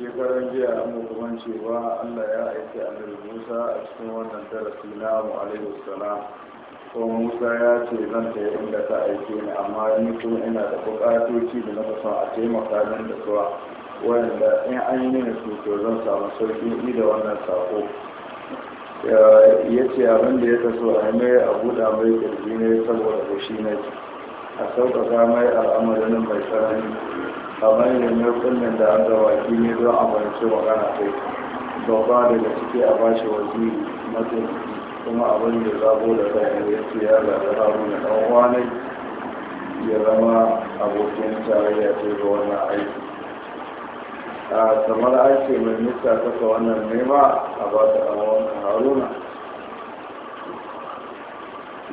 shekaran jiya an cewa allah ya aiki annabi musa a cikin wannan darasi na mu alaihi salam ko musa ya ce zan ta yi inda ta aike ni amma ni kuma ina da buƙatoci da na son a taimaka min da suwa wanda in an yi mini su to zan samu sauƙi ni da wannan sako ya ce abin da ya taso a yi mai a buɗa mai ƙirji ne saboda fushi ne a sauƙaƙa mai al'amarin mai tsanani kamar yanzu kunnen da an gawa shi ne don a bayanci magana kai babba daga ciki a bashi waje matsayi kuma abin da zabo da kai ya ce ya zaɓi haruna ɗan wani ya zama abokin tarayya ce ga wannan aiki a kamar aiki mai nisa kasa wannan nema a ba ta wannan haruna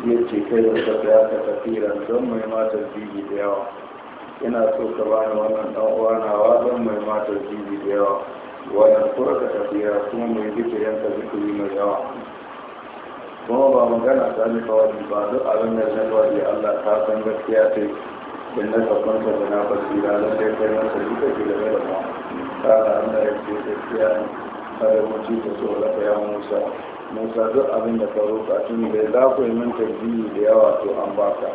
ya ce kai da ta ya tafi don mai mata da yawa ina so ka bani wannan dan uwa uwanawa don mai matar jiji da yawa wannan kura ka tafiya kuma mai zikirin yanka zikiri mai yawa kuma ba magana ta ni wani ba duk abin da na kawai Allah ta san gaskiya ce in na kafin ka na basira don dai kai na duka ke da ma ta da Allah ya ce gaskiya ne kada mu ci ta so da ya Musa Musa duk abin da ka roƙa tun da za ku yi min jiji da yawa to an baka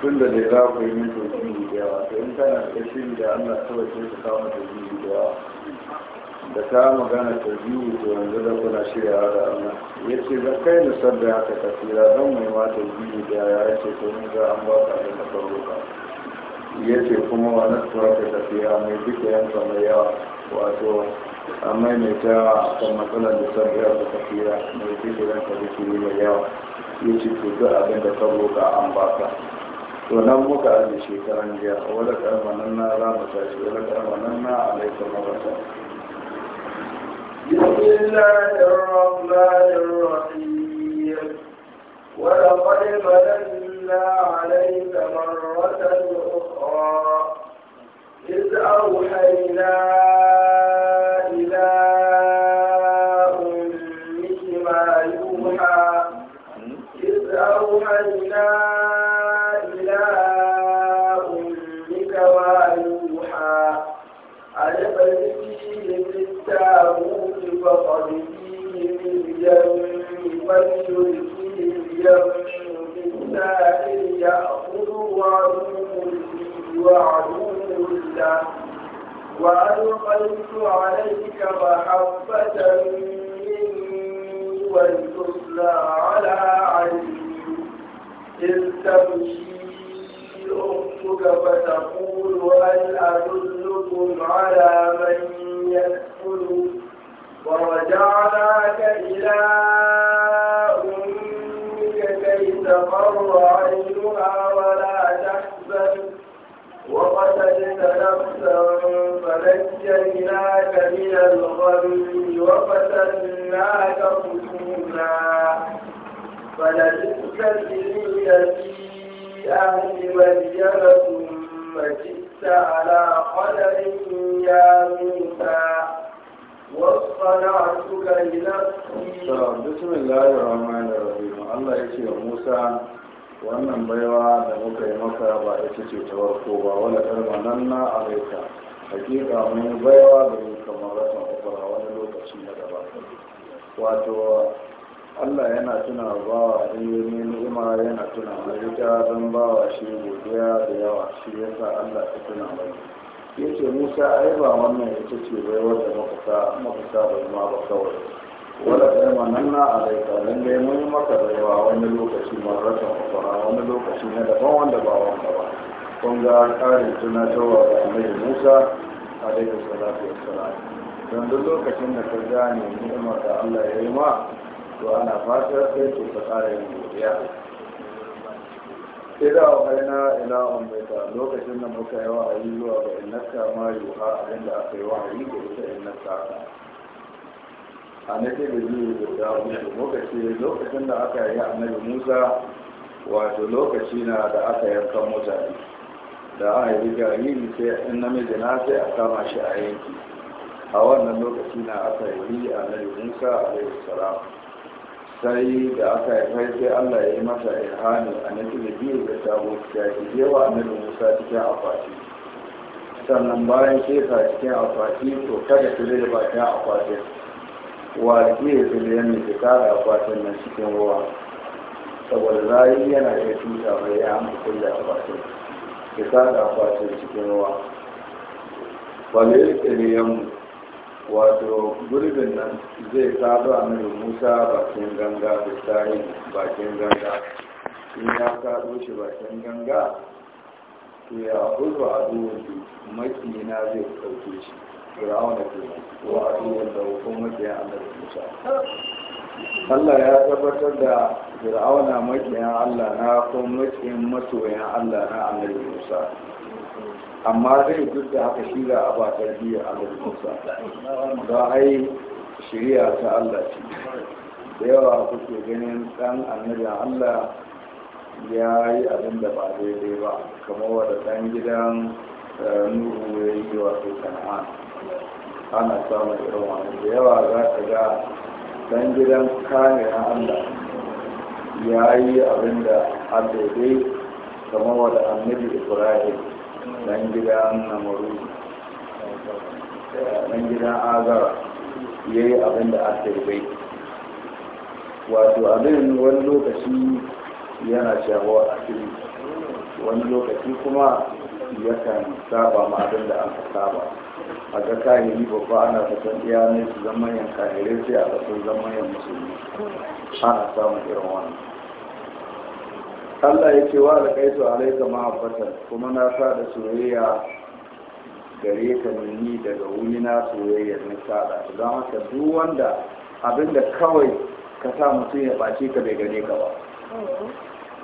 tun da dai za ku yi min tauhidi da yawa sai in kana da shi da Allah kawai sai ka kawo tauhidi da yawa da ta magana biyu da yanzu da kuna shirya da Allah yace da kai da sabda haka kasira don mai mata biyu da yawa ya ce mun ga an ba ka da Ya ce kuma wa nasuwa ka kasira mai duka yanka mai yawa wato amma mai ta kan matsalar da sabda haka tafiya, mai duka yanka da mai yawa Ya ce duk abin da ka roka an ba ka to nan muka shekaran jiya wadda karama nan na rama tashi wadda karama na alaikar mabata ولقد مننا عليك مرة أخرى إذ أوحينا والشركين يمشوا بالسائل يأخذ عدو لي وعدو وألقيت عليك محبة مني ولتصلى على عيني إذ تمشي أختك فتقول هل أدلكم على من يأكل ورجعناك إلى تقر عينها ولا تحزن وقتلت نفسا فنجيناك من الغم وفتناك فتونا فلبثت سنين في أهل مريم ثم جئت على قدر يا موسى bismin layar rahman da rahim allah ya musa wannan baiwa da muka yi maka ba ita ce ta warko ba wala karma nan na alaika hakika mun baiwa da yi kamar rasa ukura wani lokaci na gaba wato allah yana tuna bawa hanyoyin ni'ima yana tuna mai ita don bawa shi godiya da yawa shi yasa allah ta tuna mai yace musa ai ba wannan ita ce bai mafita bai ma ba kawai wadda ɗaya manan na a laika don dai mun maka baiwa wani lokaci marratan kwakwara wani lokaci na daban wanda ba wanda ba kun ga tuna tunatarwa da annabi musa a laika salatu wassalam don duk lokacin da ka gane ni'imar da allah ya yi ma to ana fata sai to ka yin godiya إذا وحينا إلى أمك لوكشن مك وحي وإنك ما يوحى عند أخي وحي قلت إنك a na tebiri guda uku lokaci lokacin da aka yi annabi musa wato lokaci na da aka yankan mutane da aka yi jariri sai in namiji na sai a kama shi a yanki a wannan lokaci na aka yi annabi musa a salam sai da aka haifai sai allah ya yi masa ilhami a na biyu da sabo ya yi a annabi musa cikin akwati sannan bayan kesa cikin akwati to kada ta zai ba ta akwatin wa ke zuriyar da ta kara akwatin nan cikin ruwa saboda zai yana da tuta mai ya hanku kulle akwatin ta kara akwatin cikin ruwa ba ne yake ne wato gurbin nan zai a mai musa bakin ganga da sahi bakin ganga in ya kaɗo shi bakin ganga to ya hudu a duwansu makina zai ɗauke shi firawa da ke ko a duwan da hukun makiyan annabi musa Allah ya tabbatar da fir'auna makiyan Allah na kuma makiyan masoyan Allah na annabi Musa amma zai duk da haka shi a aba tarbiyyar Allah Musa za a yi shirya ta Allah ce da yawa kuke ganin ɗan annabi Allah ya yi abin da ba daidai ba kamar wadda ɗan gidan eh, Nuhu ya yi wato Kana'an ana samun irin wani da yawa za ka ga ɗan gidan na Allah ya yi abin da a daidai kamar wadda annabi Ibrahim dan gidan namaru dan gidan azara ya yi abin da yi. wato abin wani lokaci yana shawo asiri wani lokaci kuma yakan saba ma abin da aka saba a ga kahiri babba ana fatan iya ne su zama yan kahirai sai a kasan zama yan musulmi ana samun irin wannan Allah ya ce wa alai alaika mahabbatar kuma na sa da soyayya gare ka ni daga wuni na soyayya na sada don haka duk wanda abinda kawai ka sa mutum ya bace ka bai gane ka ba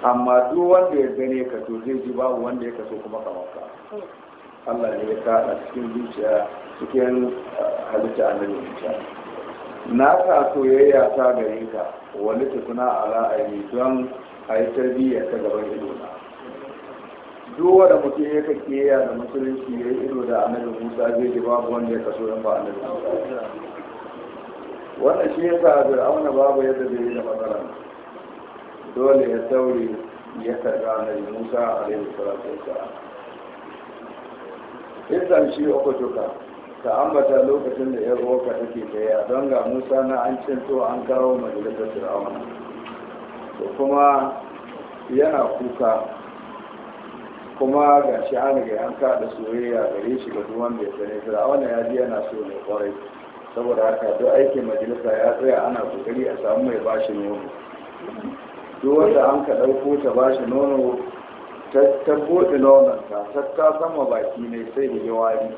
amma duk wanda ya gane ka to zai ji babu wanda ya kaso kuma kamar ka Allah ne ya kada cikin zuciya cikin eh, halitta annabi zuciya na sa soyayya ta gare ka wani tukuna ala don a yi tarbiyya ta gaban ido na duk wanda mutum ya kake ya da musulunci ya yi ido da annabi musa zai ji babu wanda ya kaso yan ba annabi musa wannan shi yasa fir'auna babu yadda zai yi da matsala dole ya saure ya karɓi annabi musa alaihi salatu wassalam Islam shi uku tuka ta ambata lokacin da ya uwarka take tsaye don ga Musa na an cinto an kawo majalisar Fir'auna. da kuma yana kuka kuma ga shi an ga an da soyayya gare shi ga duk wanda ya sani wannan ya ji yana so ne kwarai saboda haka duk aikin majalisa ya tsaya ana kokari a samu mai bashi nono duk wanda an ka ɗauko ta bashi nono ta bude nononta ta ta sama baki ne sai da wari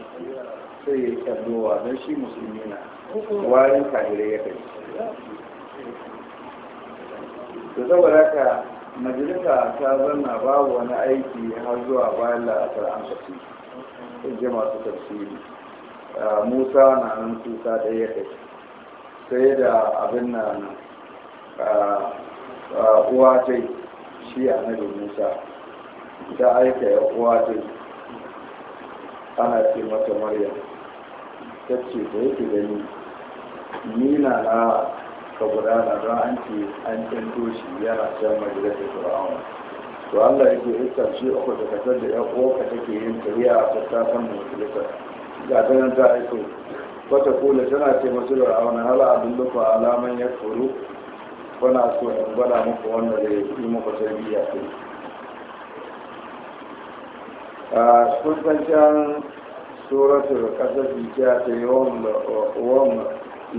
sai ya yi don shi musulmi na warin kahirai ya kai da saboda ka, majalisa ta zanna babu wani aiki har zuwa bayan la'asar an tafi je masu tafsiri musa na nan tusa ɗaya kai sai da abin nan uwa ce shi a nabi musa ta aika ya uwa ce ana ce mata maryam ta ce da yake gani ni na ka gudana don an ce an kento shi yana can majalisar fir'auna to allah yake ita shi uku da kasar da yan uwa take yin tariya a sassan majalisar ga ta nan ta aiko wata kula tana ce masu fir'auna hala abin lufa alaman ya furu kuna so in gwada muku wanda da yi muku tarbiyya ce a kun san can suratul kasar ta yawan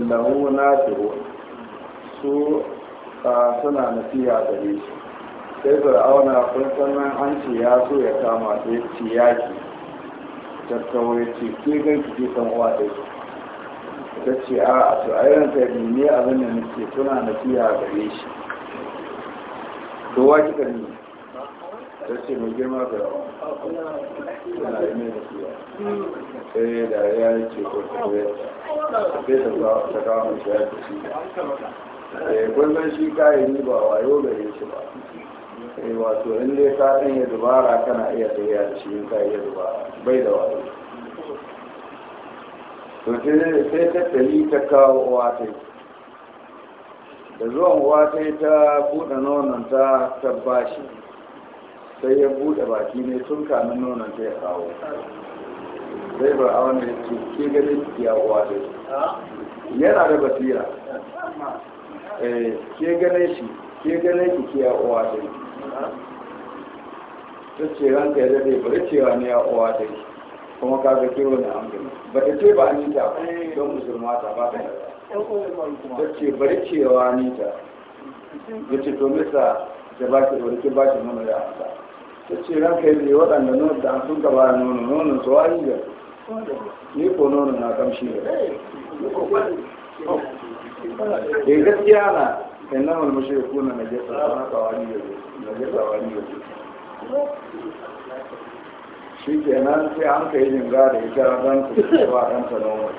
lahu na ta su suna nasiya da ne sai fir'auna kun an ce ya so ya kama ya ce yaki tattawa ya ce ke gan ki san uwa da ta ce a a to ayyukan ne ne abin da nake suna nasiya ne shi to wa kika ne ta ce mai girma ga yawa suna yi mai nasiya sai da ya ce ko ta ta kawo mai shi ya ce Eh, kullum shi kayan yi ba wayo gare shi ba eh, wato in dai ka ɗan ya dubara kana iya tafiya da shi in ka iya dubara bai da wayo to sai tattali ta kawo uwa ta da zuwan uwa ta ta buɗe nonon ta tabbashi sai ya buɗe baki ne tun kamin nonon ta ya kawo zai ba a wanda ya ce ke ganin ya uwa ta ah. yana da basira Eh, ke gane shi ke gane ki ke ya uwa dai ta ce ranka ya dade bari cewa ne ya uwa dai kuma ka ga ke wani amfani ba ta ce ba ni ta don musulma ta ba ta ta ce bari cewa ni ta ya ce to misa da ba ki bari ki ba ki nuna da amsa ta ce ranka ya dade waɗanda nuna da an sun gaba nuna nuna su wani ga ni ko nuna na kamshi ne eh, eh gaskiya na innahu al-mushrikuna najasa wa qawaniyyu najasa wa qawaniyyu shi kenan sai an kai jinga da ita dan ku ba dan ta noma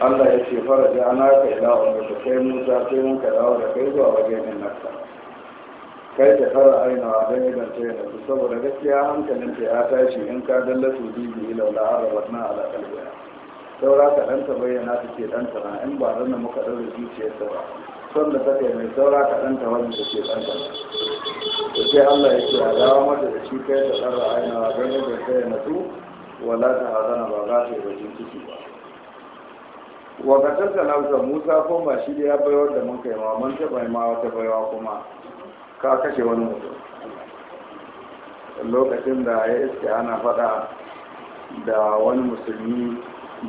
Allah ya ce faraja ana ka ila umma ta kai Musa sai mun ka dawo da kai zuwa wajen nasa kai ta fara aina wa dan idan ta yana saboda gaskiya hankalinta ya tashi in ka dallatu bibi ila la arabna ala qalbiha saura ka ɗan ta bayyana ta ce ɗanta ta na in ba zan muka ɗaura zuciyar ta ba son da ta mai saura ka ɗan ta wani ta ce ɗanta ta na ta ce Allah ya ce a dawo mata da shi kai ta ɗara ainawa don yadda ta yi natu wala ta hazana ba za ta yi bakin ciki ba wa ta tattala musa ko ba shi da ya bayar da mun kai ma mun taɓa ma wata bayawa kuma ka kashe wani mutum lokacin da ya iske ana faɗa da wani musulmi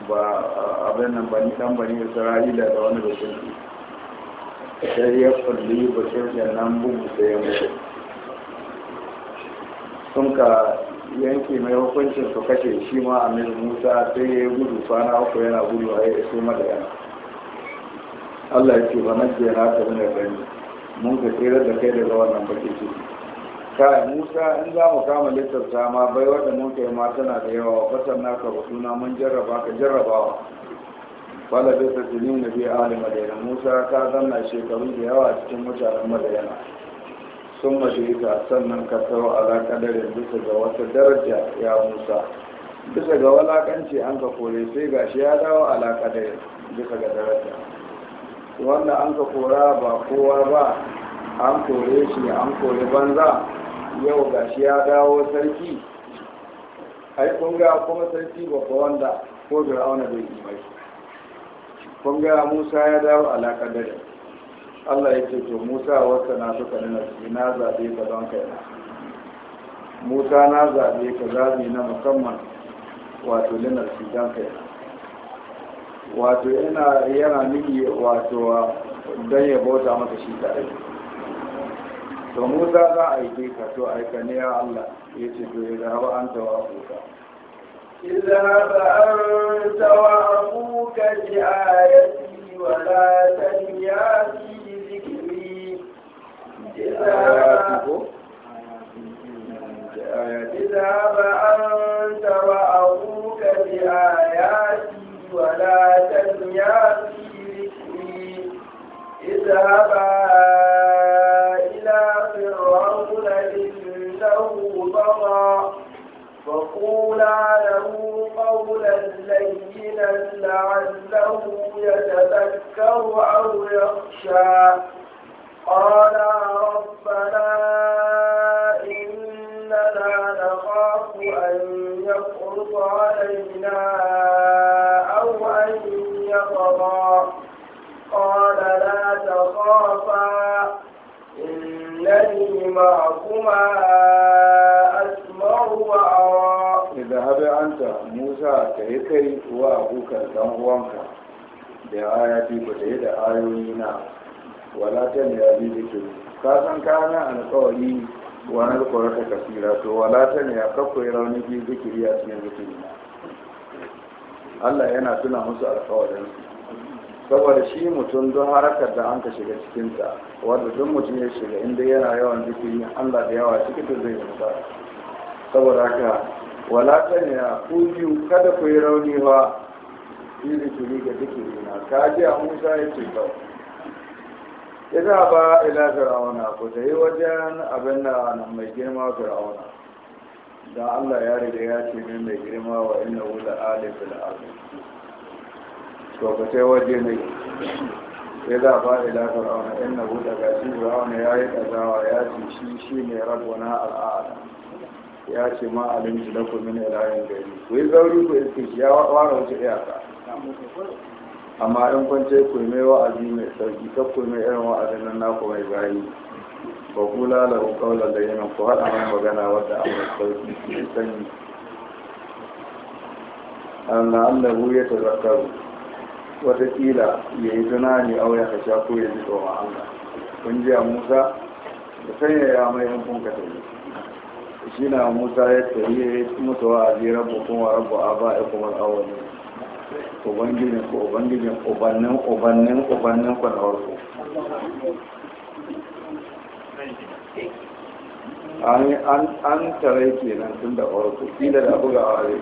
ba abin nan ni dan bani isra'ila da wani bashin sai ya kulli bashin da nan bugu sai ya mutu sun ka yanke mai hukuncin su kashe shi ma amir musa sai ya gudu kwana uku yana gudu a ya iso madayana allah ya ce ba nan jera ta wani gani mun ka tsere da kai daga wannan bakin ciki kai musa in za mu kama littarta ma bai wadda muke ma tana da yawa fasar naka ba suna mun jarraba ka jarrabawa wala bai ta tuni na biya ali madayana musa ka zanna shekaru da yawa cikin mutanen madayana sun majalisa sannan ka tsawo ala kadarin bisa ga wata daraja ya musa bisa ga walakanci an ka kore sai gashi ya dawo ala kadarin bisa ga daraja wanda an ka kora ba kowa ba an kore shi an kore banza yau ga shi ya dawo sarki ai kun ga kuma sarki babba wanda ko fir'auna bai yi mai kun ga musa ya dawo alaƙa dare allah ya ce to musa wasa na suka nuna su na zaɓe ka don kai na musa na zaɓe ka zaɓe na musamman wato lina su don kai na wato yana nufi wato don ya bauta masa shi tare to musa za a yi ka to aika ne ya allah ya ce to ya zaba an tawa kuka اذهب أنت وأخوك بآيتي ولا تنيا في ذكري اذهب أنت a بآياتي ka san kana alƙawari wa na ta kasira to wala ta ne a kakwai rauni fi zikiri a cikin zikiri Allah yana tuna musu alƙawarin saboda shi mutum don harakar da an ka shiga cikinta wadda duk mutum ya shiga inda yana yawan zikiri Allah da yawa cikin da zai mutu saboda haka wala ta ne a ku biyu kada ku yi rauni ba fi zikiri ga zikiri na ka ji a musa ya ce kawai ina ba ila fir'auna ku ta yi wajen abin da mai girma fir'auna da allah ya riga ya ce ne mai girma wa ina wula alifin arzi to ku sai waje ne ya za ba ila fir'auna ina wula ga shi fir'auna ya yi kazawa ya ce shi shi ne rabbuna al'ada ya ce ma alimci lakum min ilayen gari ku yi zauri ku iske shi ya wara wuce iyaka amma in kwance ce ku mai wa'azi mai sarki ta ku mai irin wa'azi nan naku mai bayi ba ku lalata kaular da yanan ku haɗa mai magana wadda a mai sarki mai sanyi Allah annabu ya tazakaru watakila ya yi tunani a waya kasha ko ya ji tsoron Allah kun ji a Musa da sanya ya mai yin kun ka shi na Musa ya tafi ya yi mutuwa a jiran bukuma rabu a ba'a kuma awali ubangijin ku ubangijin ubannin ubannin ubannin ku na warku an tare kenan tun da warku kila da buga a ware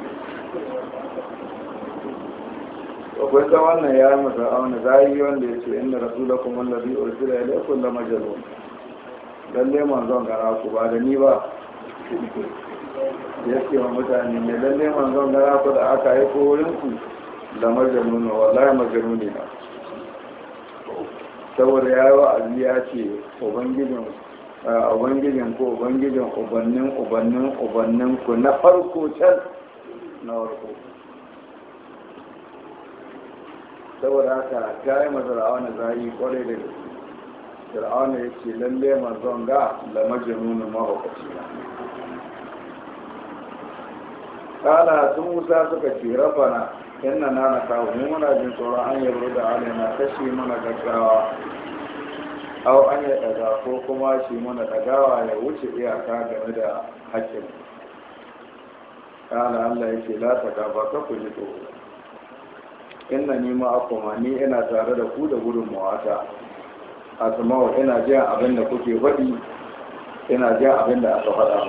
akwai ta wannan ya yi masa auna zai wanda ya ce inda rasula kuma lalazi ursula ya laifin da majalu lalle manzon gara ku ba da ni ba ya ce wa mutane ne lalle manzon gara ku da aka yi ko wurin ku la majanuna wallahi majanuni na saboda ya yi wa'azi, ya ce ubangijin ubangijin ko ubangijin ubannin ubannin ubannin ku na farko can na farko saboda haka ta yi mazara'awa na zai kwarai da gaske fir'auna ya ce lalle manzon ga da majanunin mahaukaci na kala sun wuta suka ce rabana yana na na kawo mu muna jin tsoron an yabro da alina shi mana gaggawa au an yi daga ko kuma shi mana dagawa ya wuce iyaka game da hakkin kala Allah yake la ta gaba ka ku ji tsoro inna ni ma ni ina tare da ku da gudunmawata asma'u ina jin abin da kuke faɗi ina jin abin da aka faɗa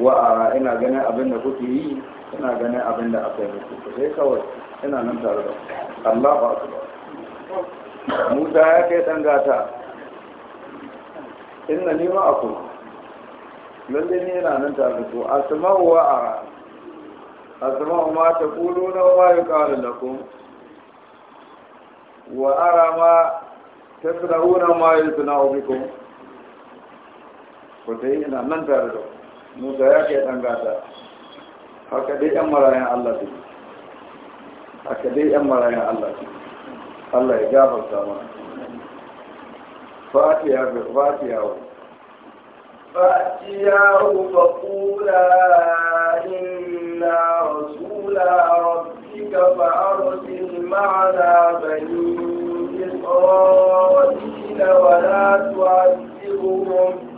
wa'ara ina ganin abin da kuke yi suna ganin abin da aka yi musu sai kawai ina nan tare da Allah ba su ba Musa ya kai dan gata inna ni aku lalle ni ina nan tare da ku asma'u wa ara asma'u ma na wa ma yuqalu lakum wa ara ma tasra'una ma yusna'u bikum ko dai ina nan tare da Musa ya kai dan gata haka dai yan marayan Allah su haka dai yan marayan Allah su Allah ya gafarta mana fatiha bi fatiha wa fatiha wa qula inna rasula rabbika fa arsil ma'ana bani isra'il wa la tu'adhibhum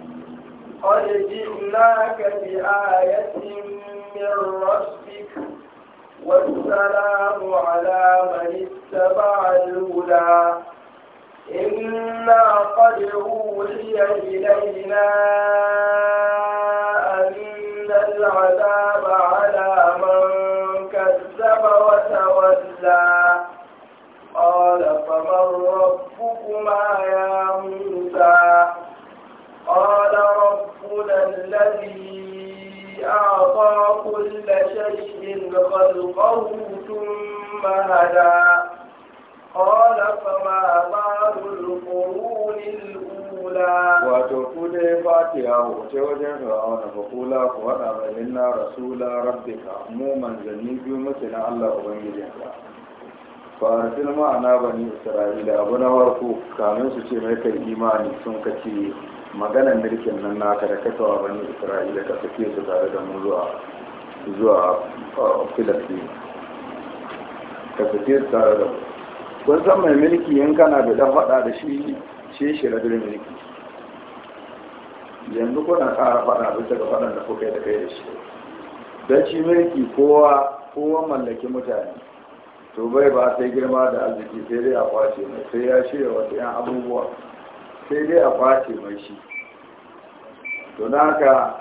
قد جئناك بآية من ربك والسلام على من اتبع الهدى إنا قد أوحي إلينا أن العذاب على من كذب وتولى قال فمن ربكما يا موسى قال ربنا الذي أعطى كل شيء خلقه ثم هدى قال فما بال القرون الأولى وتقول فاتحة وتوجه فرعون فقولا فهنا إنا رسول ربك عموما زنيبي مثل الله وبنجدك فأرسل معنا بني إسرائيل أبنا ورقوك كانوا سيما كالإيمان سنكتير maganar mulkin nan naka da kasawa bani isra'ila ka sake su tare da mu zuwa zuwa uh, filafi ka sake su tare da mu kun san mai mulki in kana da dan faɗa da shi shi shi rabin mulki yanzu kuna ƙara faɗa bisa ga faɗan da kuka yi da kai da shi don shi mulki kowa kowa mallaki mutane to bai ba sai girma da arziki sai dai a kwace mai sai ya shirya wasu 'yan abubuwa sai dai a kwace mai shi to na haka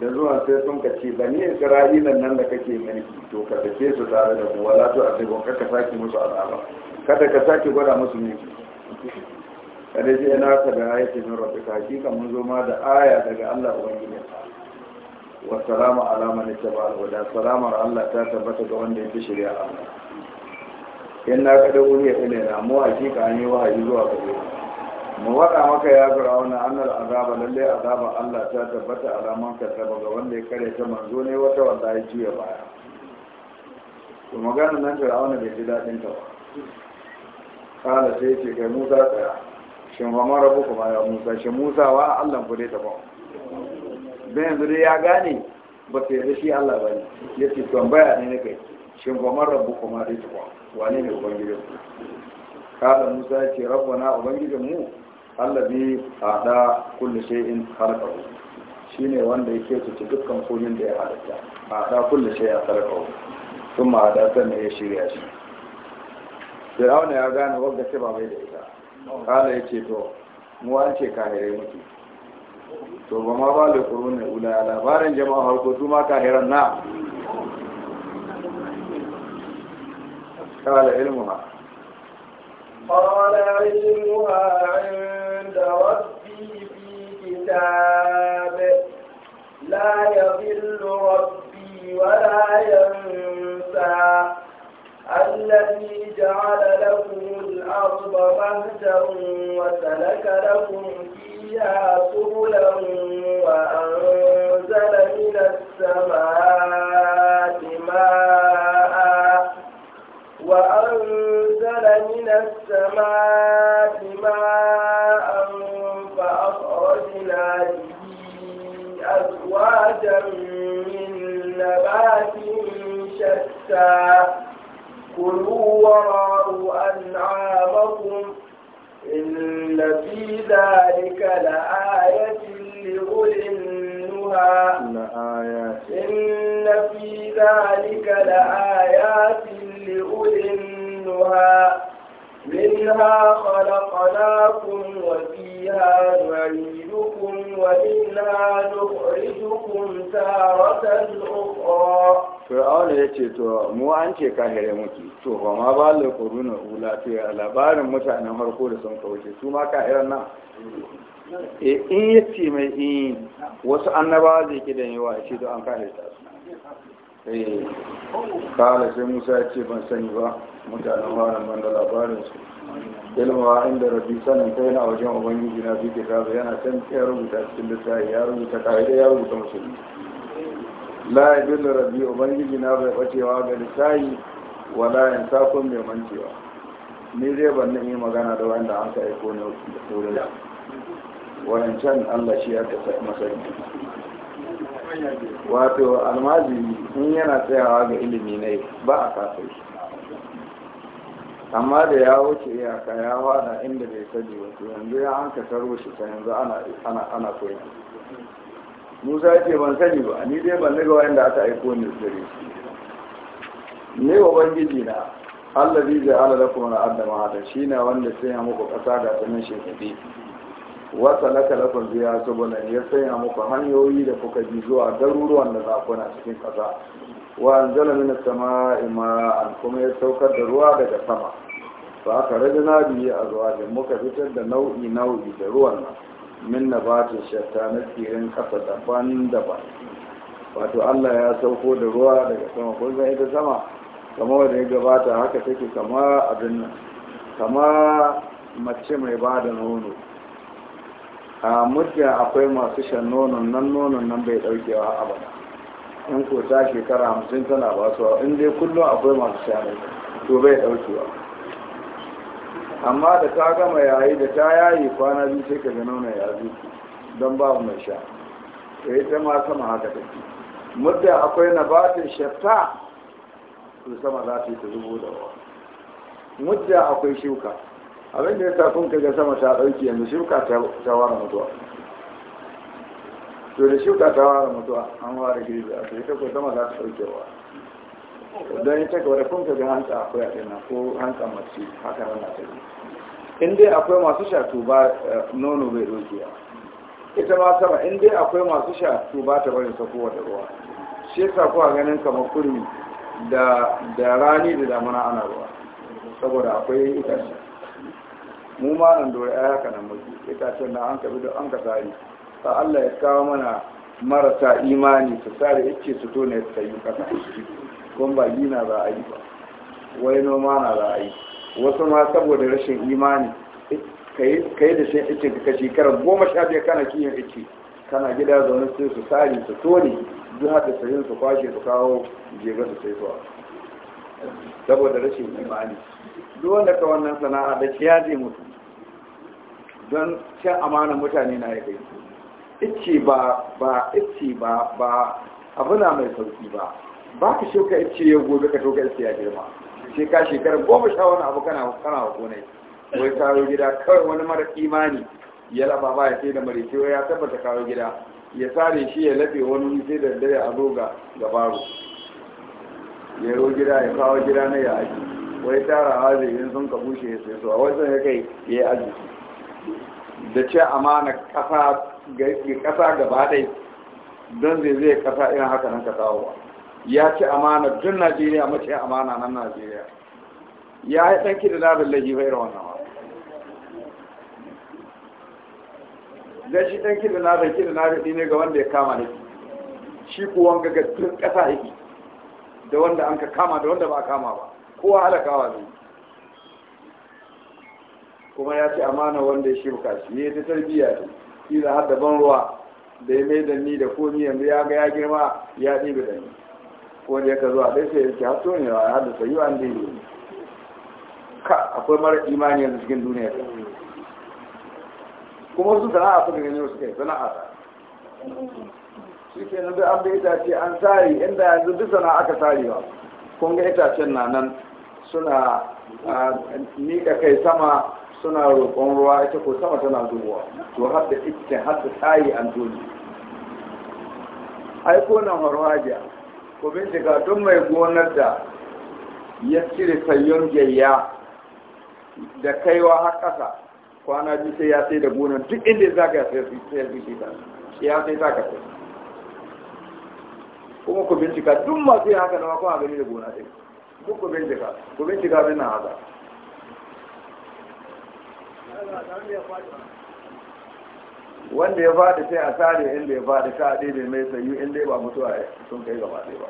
da zuwa sai sun ka ce bani isra'ila nan da kake mulki to ka dace su tare da mu wala to a sai gonka ka saki musu azaba kada ka saki gwada musu mulki kada ji ina ka da ayatin min rabbika hakika mun zo ma da aya daga Allah ubangiji wa salamu ala man ittaba al-huda salamu Allah ta tabbata ga wanda ya fi shari'a Allah in na kada wuri ya ilaina mu hakika an yi wahayi zuwa gare mu mu waɗa maka ya zura wani annar azaba lalle azaba Allah ta tabbata alaman kasaba ga wanda ya kare ta manzo ne wata wanda ya juya baya to magana nan wani bai ji daɗin ta ba kala sai ce kai musa tsaya shin ba mara buku ma ya musa shin musa wa Allah ku dai taɓa ba yanzu dai ya gane ba ta yarda shi Allah ba ne ya ce tambaya ne na kai shin ba mara buku ma dai taɓa wane ne ubangijinku kala musa ya ce rabbana ubangijinmu allazi ada kullu shay'in shi ne wanda yake ci dukkan komin da ya halitta ada kullu shay'in sun ma ada sanne ya shirya shi Fir'auna ya gane wadda ce ba mai da ita kala ya ce to mu an ce kahirai mutu to ba ma ba da ne ula labarin jama'a harko su ma kahiran na kala ilmuha قال علمها عند ربي في كتاب لا يضل ربي ولا ينسى الذي جعل لكم الأرض مهدا وسلك لكم فيها سبلا وأنزل من السماء ماءً السماء ماء فأخرجنا به أزواجا من نبات شتى كلوا وراءوا أنعامكم إن في ذلك لآية لأولي النهى إن في ذلك لآيات لأولي النهى منها خلقناكم وفيها نعيدكم ومنها نخرجكم تارة أخرى fir'auna ya ce to mu an ce kahire muke to ba ma ba la koruna ula to ya labarin mutanen harko da sun kauce su ma ka kahiran nan e in ya ce mai in wasu annabawa zai da yawa ya ce to an kahirta su eh kala sai musa ya ce ban sani ba mutanen wani banda labarin su ilmawa inda Rabi sanin ta yana wajen ubangiji na fi gaza yana can ya rubuta cikin littafi ya rubuta ka'ida ya rubuta musulmi la ya Rabi, rabbi ubangiji na bai bacewa ga littafi wala ya sakon bai mancewa ni zai ban na yi magana da wanda an ka aiko ne da Wani can allah shi ya kasa masarki wato almajiri in yana tsayawa ga ilimi ne ba a kasai amma da ya wuce iyaka ya wada inda bai sani ba to yanzu ya an ka taro shi ta yanzu ana ana koyi Musa ya ce ban sani ba ni dai ban daga wayanda aka aiko ni gare shi ne ubangiji na Allah zai ja'ala lakum al-ardha shi shine wanda sai ya muku kasa ga tunan shekaru wata laka lafin biya saboda ya ya muku hanyoyi da kuka bi zuwa garuruwan da zakuna cikin ƙasa wa anzala min as-sama'i ma'an kuma ya saukar da ruwa daga sama fa aka a bi da muka fitar da nau'i nau'i da ruwan nan min nabatin shatta na tsirin kasa daban-daban wato Allah ya sauko da ruwa daga sama kun san ita sama Kamar wanda ya gabata haka take kama abin nan kama mace mai ba da nono a mutum akwai masu shan nonon nan nonon nan bai daukewa abada in ko ta shekara hamsin tana ba su in dai kullum akwai masu shanai to bai ɗaukewa amma da ta gama yayi da ta yayi kwana biyu sai ka gano na ya zuki don babu mai sha to ita ma sama haka take muddin akwai na ta shatta to sama za ta yi ta zubo da wa muddin akwai shuka abin da ya sa kun ga sama ta ɗauki yanzu shuka ta wara mutuwa to da shuka ta wara mutuwa an wara girbi a sai kai sama za ta saukewa don ita ga kun ka ga hanta akwai a dina ko hanta mace haka nan na tafi in dai akwai masu sha tuba eh, nono bai ya ita ma sama in dai akwai masu sha tuba ta bari ta kowace ruwa shi yasa kuwa ganin kamar kurmi da da rani da damuna ana ruwa saboda akwai itace mu ma nan dore ai haka nan mutu itacen da an kabi da an ka tsari fa Allah ya kawo mana marasa imani su sare yake su tona su tsayi kasa kuma ba gina za a yi ba wai noma na za a yi wasu ma saboda rashin imani ka yi da shi ikin ka shekarar goma sha biyar kana kiyon iki kana gida zaune sai su sari su tone duk hada sayin su kwashe su kawo jebe su sai zuwa saboda rashin imani duk wanda ka wannan sana'a da ya zai mutu don can amana mutane na ya kai ice ba ba ice ba ba abuna mai sauki ba ba ka shuka ice ya gobe ka shuka ice ya girma sai ka shekara goma sha wani abu kana kana hako ne wai kawo gida kawai wani mara imani ya laba ba ya sai da mare cewa ya tabbata kawo gida ya sare shi ya labe wani sai da dare a zo ga gabaru ya yi gida ya kawo gida na ya aji wai tara yin sun ka bushe ya sai so a wajen ya kai ya yi aji da ce amana kasa ga kasa gaba ɗai don zai zai kasa irin haka nan ka kawo ya ci amana tun najeriya mace amana nan najeriya ya yi ɗan da na billahi bai irin wannan da shi ɗan kiɗa na bai kiɗa na bai ne ga wanda ya kama ne shi kuwa ga tun ƙasa yake da wanda an ka kama da wanda ba a kama ba kowa halakawa zai kuma ya ce amana wanda ya shirka shi ne ta tarbiyya ne shi da har da ban ruwa da ya mai da ni da komi yanzu ya ga ya girma ya ɗibe da ni Ko ya ka zuwa dai sai yake hato ne wa har da sayi an dai ne ka akwai mara imani yanzu cikin duniya kuma su sana'a suka gani su kai sana'a ta shi ke nan an bai itace an tsari inda yanzu duk sana'a aka ba. kun ga itacen na nan suna miƙa kai sama suna roƙon ruwa ita ko sama tana zubowa to har da ikken har da tsayi an dole ai ko nan harwajiya ko bincika don mai gonar da ya cire sayon gayya da kaiwa har ƙasa kwana biyu sai ya sai da gonar duk inda za ka sai ya fi ya sai za ka sai kuma ku bincika duk masu yi haka na makon a gani da gona ɗin duk ku bincika ku bincika bin na haka wanda ya faɗi sai a tsari inda ya faɗi, ka ɗebe mai sayu inda ba mutuwa sun kai gaba ɗaya ba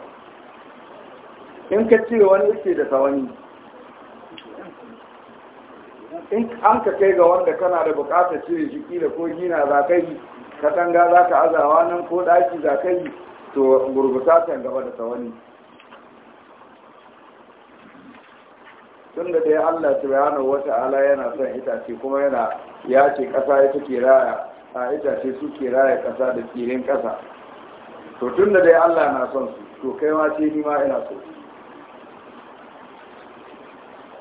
in ka ce wani yake da tsawani in an ka kai ga wanda kana da bukatar cire shi da ko gina za ka yi katanga za ka azawa nan ko ɗaki za ka yi to gurgusa can gaba da tsawani tun da dai Allah subhanahu wata'ala yana son itace kuma yana ya ce ƙasa ya take raya a itace su ke raya ƙasa da tsirin ƙasa to tun da dai Allah na son su to kai ma ce ni ma ina so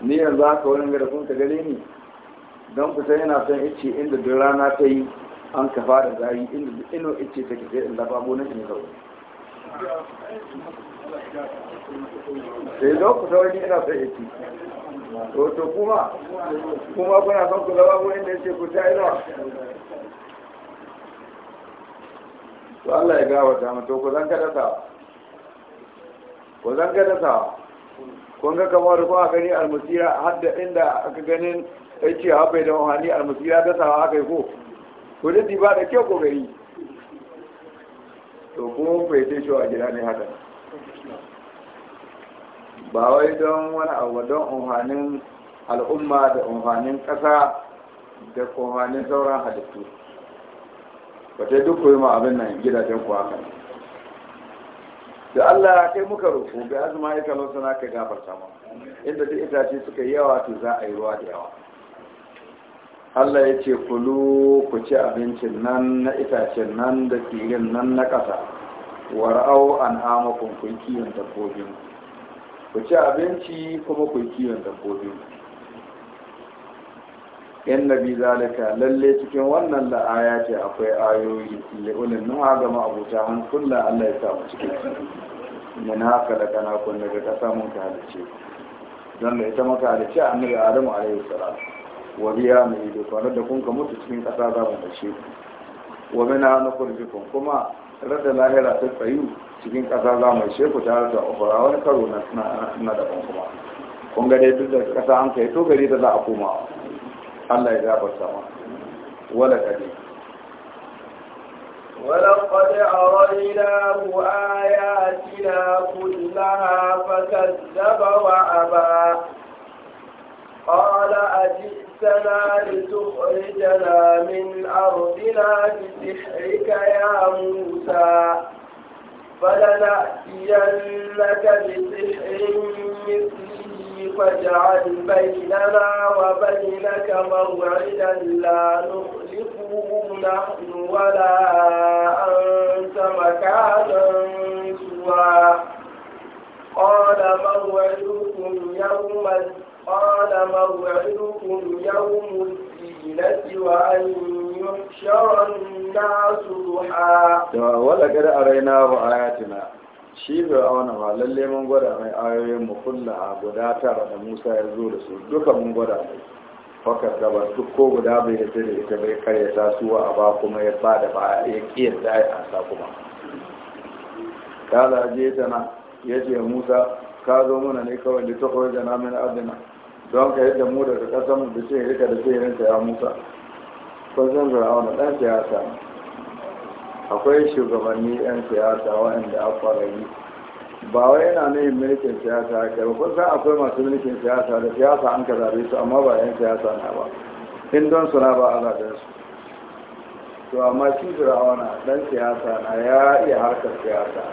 ni yanzu ka wani gara kun ka gare ni don ku san yana son ice inda duk rana ta yi an kafa da zai inda duk ino ice take sai in lafa gonar in wani. sai zo ku sauri ina sai yake to to kuma kuma kuna son ku zama ko inda yake ku ta ina to Allah ya gawata ta to ku zan kada ta ku zan kada ta kun ga kamar ko aka gani almusira hadda inda aka ganin yake haɓe da wahani almusira da sawa aka yi ko ku da ba da kyau ko gari to kuma yi shi a gida ne haka ba wai don wani abu don umarnin al'umma da umarnin ƙasa da umarnin sauran halittu ba ta duk koyi ma abin nan gidajen ku haka da Allah ya kai muka roƙo ga azuma ya kalon suna ka gafarta mu inda duk itace suka yi yawa to za a yi ruwa da yawa Allah ya ce kulu ku ci abincin nan na itacen nan da tsirin nan na ƙasa war'au an hamakon kun kiyon ku. ku ci abinci kuma ku kiwon dabbobi yan nabi zalika lalle cikin wannan la'aya ce akwai ayoyi li'ulin nuha ga ma'abuta an kulla Allah ya samu cikin su min haka da kana kun daga kasa mun ka halice don da ita maka halice annabi adamu alaihi salatu. wa biya mu ido tare da kun ka mutu cikin kasa za mu dace wa min hana kurjikun kuma rada lahira ta tsayu cikin ƙasa za mai sheku ta da ofara wani karo na daban kuma kun ga dai duk da ƙasa an kai to gari da za a koma Allah ya gafarta sama, wala kadi ولقد أريناه آياتنا كلها فكذب وأبى قال أجئتنا لتخرجنا من أرضنا بسحرك يا موسى فلنأتينك بسحر مثله فاجعل بيننا وبينك موعدا لا نخلفه نحن ولا أنت مكانا سوى قال موعدكم يوم الدين قال موعدكم يوم الزينة وأن يحشر الناس ضحى ولقد أريناه آياتنا shi auna ma lalle mun gwada mai ayoyin mu kulla a guda tara da Musa ya zo da su duka mun gwada mai fakar da ba duk ko guda bai yarda da ita bai karyata su a ba kuma ya ba da ba ya kiyar da ya ansa kuma kala je ta ya ce Musa ka zo mana ne kawai da ta kawai da namin adina don ka yadda mu daga kasan da ce rika da ce ka ya musa kwasan fir'auna ɗan siyasa akwai shugabanni 'yan siyasa waɗanda a yi ba wai yana nuhin mulkin siyasa ya kai kusa akwai masu mulkin siyasa da siyasa an ka zaɓe su amma ba 'yan siyasa na ba in don suna ba a zaɓen su to amma shi fir'auna dan siyasa na ya iya harkar siyasa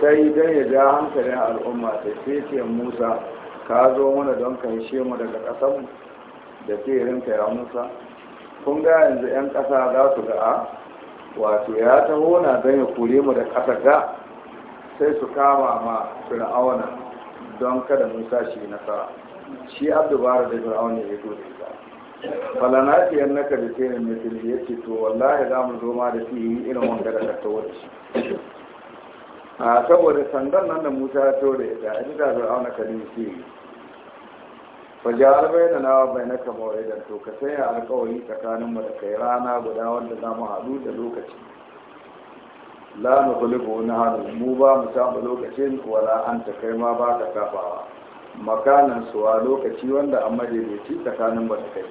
sai dan ya ja hankalin al'umma ta ce musa ka zo mana don ka mu daga ƙasarmu da rinka ya musa kun ga yanzu 'yan ƙasa za su ga a ah, wato ya taho na don ya kore mu da ƙasa ga sai su kama ma fir'auna don kada musa shi nasara shi abdubara da fir'auna ya zo da ita falana ce yan naka da terin mutum ya ce to wallahi za mu zo ma da yi irin wanga da ka shi a ah, saboda sandan nan da musa ya taho da ita da fir'auna kalin Fajar da bai nawa bai na kama wa idan to ka sanya alkawari tsakanin mu da kai rana guda wanda za mu haɗu da lokaci la kuli ko na hannu mu ba mu samu lokacin wala an ta kai ma ba ka kafawa makanan suwa lokaci wanda an majalici tsakanin mu da kai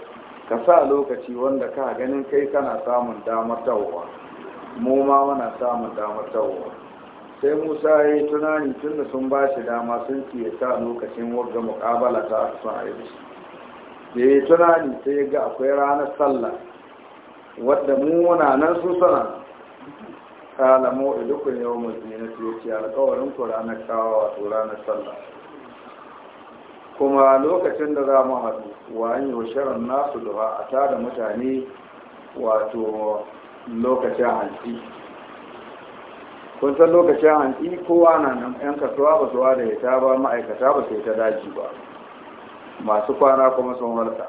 ka sa lokaci wanda ka ganin kai kana samun damar tawowa mu ma muna samun damar tawowa sai musa ya yi tunani tun da sun ba shi dama sun ya sa lokacin wadda mukabala ta su a yi da ya yi tunani sai ya ga akwai ranar sallah wadda mu muna nan su sana kala mu yau mazina su ya alkawarin ku ranar kawo wato ranar sallah kuma lokacin da za mu haɗu wa an yi sharan nasu duha a tada mutane wato lokacin hantsi kun san lokacin hantsi kowa na nan yan kasuwa ba su da ta ba ma'aikata ba su ta daji ba masu kwana kuma sun warta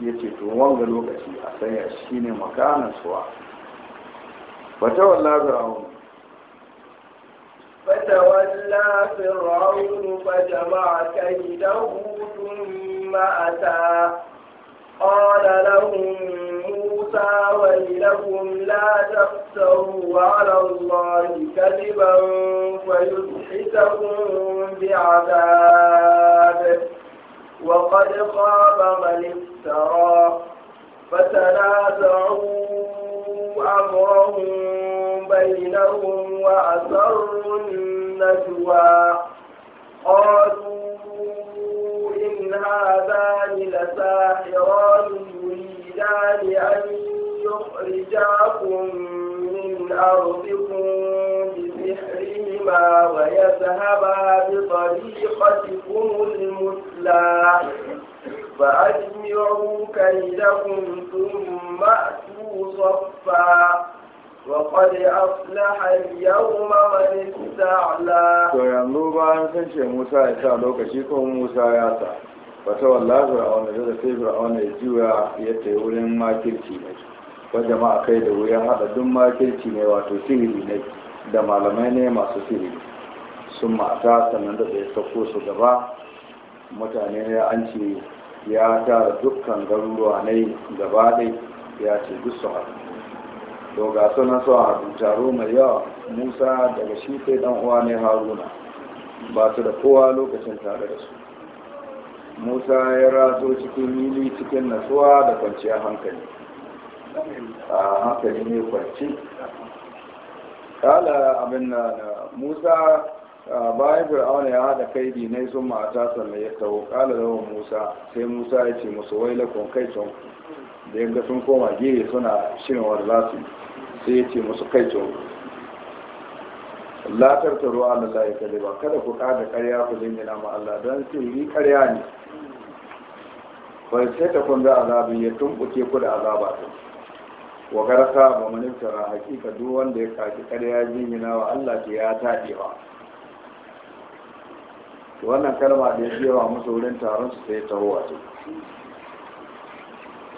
ya ce to wanga lokaci a sanya shi ne makanan suwa wata walla firawun ba jama'a kai كيده hutun ma'ata قال لهم موسى ويلكم لا تفتروا على الله كذبا فيسحتكم بعذاب وقد خاب من افترى فتنازعوا أمرهم بينهم وأسروا النجوى قالوا هذان لساحران يريدان أن يخرجاكم من أرضكم بسحرهما ويذهبا بطريقتكم المثلى فأجمعوا كيدكم ثم أتوا صفا وقد أفلح اليوم من استعلى. ويا نوبة أنسى موسى يسألوك شيكم موسى يسأل. wata wallahi fir'auna da sai fir'auna ya juya ya ta wurin makirci ne ko jama'a kai da wuya hada duk makirci ne wato sihiri ne da malamai ne masu sihiri sun mata sannan da bai sauko su gaba mutane ne an ce ya tara dukkan garuruwa ne gaba ɗai ya ce duk su haɗu to ga sunan su haɗu taro mai yawa musa daga shi sai ɗan uwa ne haruna ba su da kowa lokacin tare da su musa ya raso cikin mili cikin nasuwa da kwanciyar hankali a hankali ne kwanci kala abin na musa bayan fir'auna ya haɗa kai na sun mata sannan ya taho kala yawan musa sai musa ya ce musu wai lakon kai can da yadda sun koma gehe suna shirin wanda za su sai ya ce musu kai can la tartaru ala lahi kaliba kada ku kada karya ku jingina na Allah don sirri karya ne bai sai ta kun azabi ya tumbuke ku da azaba ta wa garka ba mun tara hakika duk wanda ya kaki karya jingina wa Allah ke ya ba. wannan kalma da ya jewa musu wurin taron su sai a ta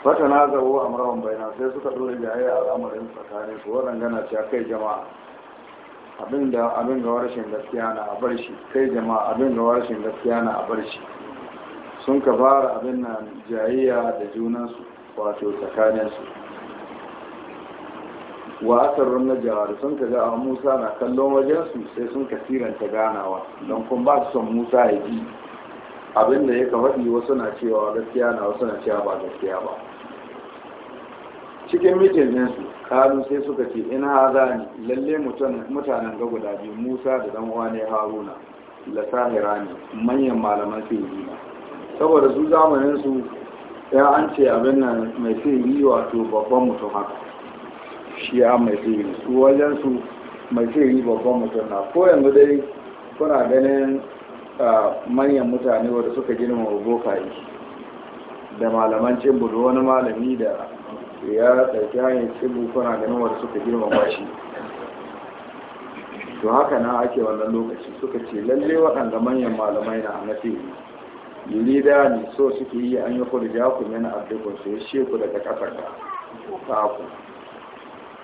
fata na zawo amrawan bayna sai suka dole jayayya al'amarin tsakanin su wannan gana ta kai jama'a abinda abin ga warshen gaskiya na a bar shi kai jama'a abin ga warshen gaskiya na a bar shi sun ka fara abin na jayayya da junansu wato tsakaninsu wa asarrun na jawar sun ka ga musa na kallon wajensu sai sun ka siranta ganawa don kun ba su son musa ya ji abin da ya ka faɗi wasu na cewa gaskiya na wasu na cewa ba gaskiya ba cikin mitin su kalu sai suka ce in za ni lalle mutanen ga guda biyu musa da dan uwa ne haruna la sahira ne manyan malaman sihiri na saboda su zamanin su ya an ce abin nan mai sihiri wato babban mutum haka shi ya mai sihiri su wajen su mai yi babban mutum na ko yanzu dai kuna ganin manyan mutane wanda suka girma yi, da malaman cin budu wani malami da ya ɗauki hanyar tsibu kuna ganin wanda suka girmama shi to haka na ake wannan lokaci suka ce lalle waɗanda manyan malamai na annabi yurida ne so suke yi an yi ja ku yana abdukun su ya sheku daga ƙasar da ta ku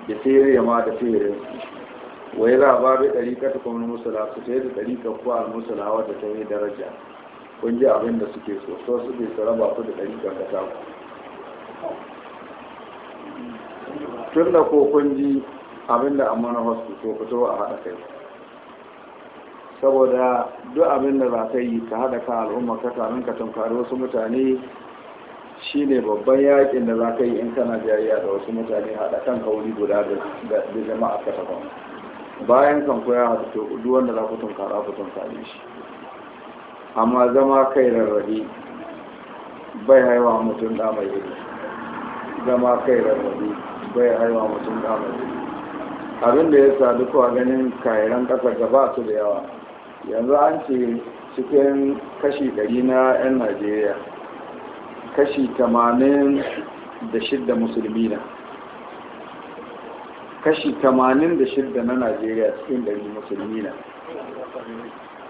da tsere ma da tsere wai za a bi ɗarika ta kuma musula su ta yi da ka ku a musula wata ta yi daraja kun ji abin da suke so so suke su raba ku da ɗari ka ta ku tun da ko kun ji abinda a mana hospital fito a haɗa kai saboda duk abinda za ka yi ka haɗa ka al'umma ka tarin ka tunkari wasu mutane shi ne babban yakin da za ka yi in kana jayayya da wasu mutane haɗa kan kauli guda da jama'a ka taɓa bayan kan koya haɗu to duk wanda za ku tunkara ku tunkare shi amma zama kai rarrabe bai haiwa mutum da mai yi zama kai rarrabe bai haiwa mutum damar abin da ya sadu duka ganin kayaran ƙasa gaba su da yawa yanzu an ce cikin kashi gari na 'yan najeriya kashi 86 musulmi na kashi 86 na najeriya cikin gari musulmi na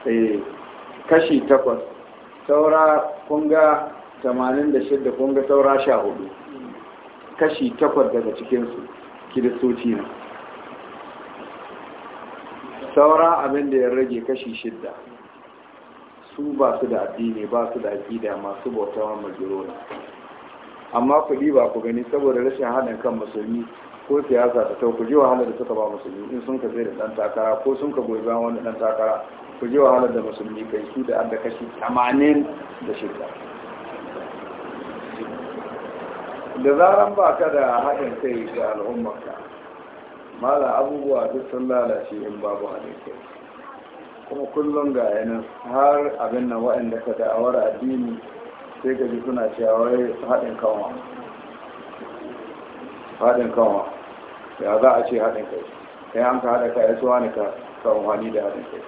eh, kashi 8 saura kunga 86 kunga saura kashi takwas daga cikinsu kiristoci ne saura abin da ya rage kashi shidda su ba su da addini ba su da aƙida masu bautawa majirona amma kuɗi ba ku gani saboda rashin haɗin kan musulmi ko siyasa ta tau ku ji wahala da suka ba musulmi in sun ka zai da ɗan takara ko sun ka goyi bayan wani ɗan takara ku ji wahala da musulmi kai su da an da kashi shidda. da zaran ba ka da haɗin kai ga al'ummarka mala abubuwa duk sun lalace in babu haɗin kai kuma kullum ga yanar har abin nan waɗanda ka da'awar addini sai ka ji suna cewa haɗin kawo haɗin kawo ya za a ce haɗin kai kai an ka haɗa kai suwa ne ka kan da haɗin kai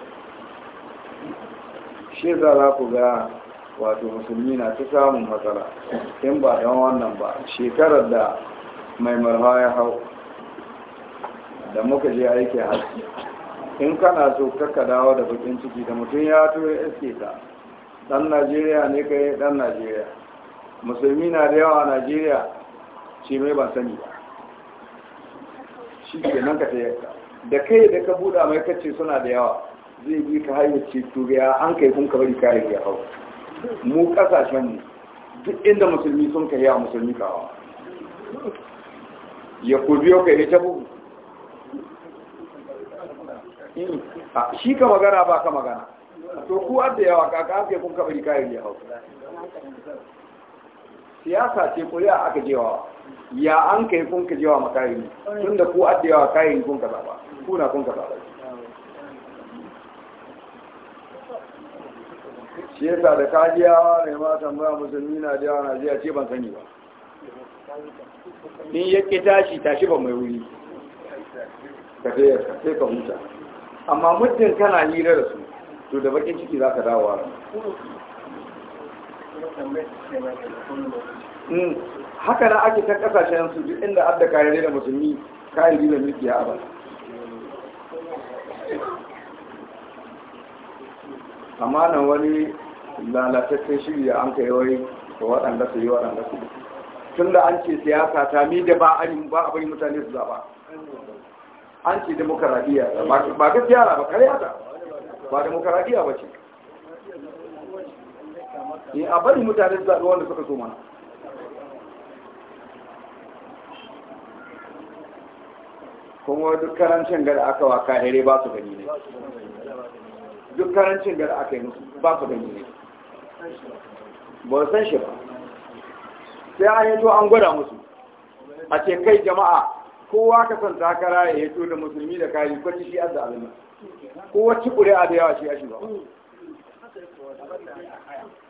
shi za za ku ga wato musulmi na ta samun matsala in ba don wannan ba shekarar da mai marha ya hau da muka je aiki a in kana so kakka dawo da bakin ciki da mutum ya turo iske ta dan najeriya ne kai dan najeriya musulmi na da yawa a najeriya ce mai ban sani ba shi ke nan ka ta yarda da kai da ka buɗa mai kacce suna da yawa zai bi ka hayyar ce turiya an kai kun ka bari kayan ya hau mu kasashenmu duk inda musulmi sun kai a musulmi kawa ya ku biyo kai ta bugu shi ka magana ba ka magana to ku adda yawa kaka ake kun kabari kayan ya hau siyasa ce ko ya aka jewa ya an kai kun ka jewa makayi tun da ku adda yawa kayan kun ka zaba kuna kun ka zaba shi yasa da kajiyawa mai ma tambaya musulmi na da yawa jiya ce ban sani ba in yake tashi tashi ban mai wuri ka sai ka huta amma muddin kana hira da su to da bakin ciki za ka dawowa hmm. haka na ake kan kasashen su duk inda adda kayan da musulmi kayan riba mulki ya abada amma nan wani lalatattun shirya an ka wai waɗanda su yi waɗanda su tun da an ce siyasa ta mi da ba an ba a bari mutane su zaba an ce demokaradiyya ba ga siyara ba kare ta ba demokaradiyya ba ce ne eh, a bari mutane su zaɓi wanda suka so mana kuma duk karancin gada aka wa kahere ba su gani ne duk karancin gada aka yi musu ba su gani ne ba san shi ba sai an yato an gwada musu a ce kai jama'a kowa ka san takara ya yato da musulmi da kari kwanci shi azza alima kowa ci kure a da yawa shi shi ba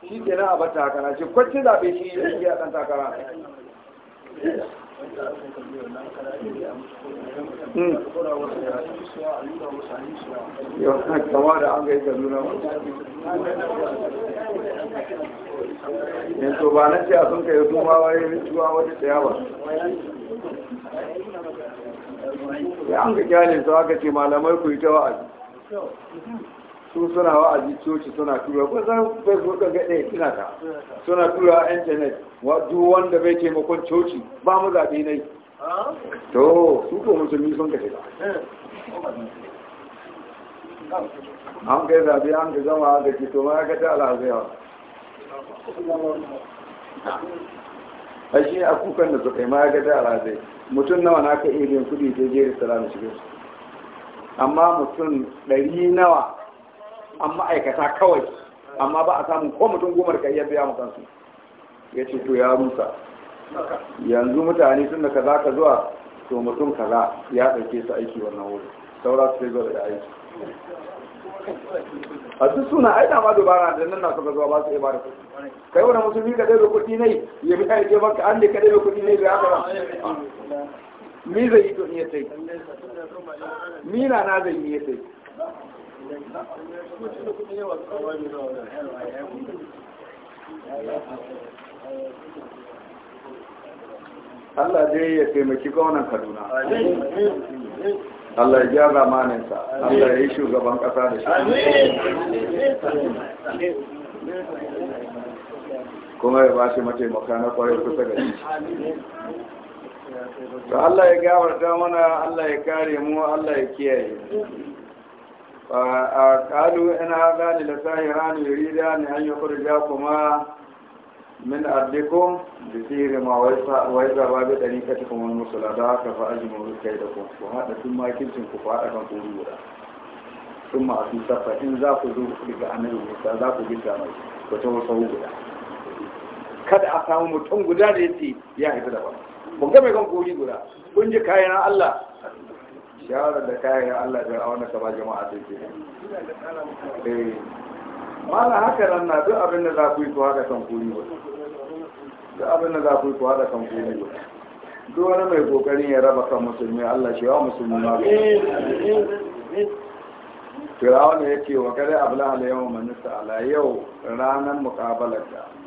shi ke na a bata takara ce kwanci zaɓe shi ya ɗan takara yau da an yanzu ba na ce a sun kai sun ma waye zuwa wata ya an ga su aka ce malamai ku yi ta su suna wa'azi coci suna tura kusan facebook ga ɗaya tuna ta suna tura a intanet duk wanda bai taimakon coci ba mu zaɓe nai to su ko musulmi sun kashe ba an kai zaɓe an ka zama da ke to ma ya kata alhazaiwa a shi a kukan da su kai ma ya kata alhazai mutum nawa na ka iya biyan kuɗi ta jeri salamu cikin amma mutum ɗari nawa an ma'aikata kawai amma ba a samun ko mutum goma da iya biya mutansu ya ce to ya rusa yanzu mutane sun da kaza ka zuwa to mutum kaza ya ɗauke su aiki wannan wuri saura su sai zuwa da aiki a duk suna aina ma dubara da nan na suka zuwa ba su iya bada kuɗi kai wani musulmi ka ɗaya da kuɗi ne ya bi kai ke baka an da ka ɗaya da kuɗi ne bai haka ba mi zai yi to ni ya sai mi na na zai yi ya sai Allah dai ya taimaki gwamnan Kaduna. Allah ya gyara maninsa, Allah ya yi shugaban ƙasa da shi. Kuma ya ba shi mataimaka na kwarai kusa da shi. To Allah ya gabarta mana, Allah ya kare mu, Allah ya kiyaye. قالوا إن هذان لساهران يريدان أن يخرجاكما من أرضكم بسير ما ويزعبا بطريقتكم ku ذاك فأجمعوا كيدكم وهذا ثم كنتم كفاءكم ku ثم daga صفا إن za ku gida mai. ذاكوا بسامي وتوصوا guda. kada a samu mutum guda da ya ya haifi ba ba. ga mai kan koli guda kun ji kayan Allah shawarar da kayan Allah bai auna ta ba jama'a sai ke eh haka nan na duk abin da za ku yi ku hada kan kuri ba duk abin da za ku yi ku da kan kuri ba duk wani mai kokari ya raba kan musulmi Allah shi yawa musulmi ma firawun ya ce wa kare abla ala yau manista ala yau ranar mukabalar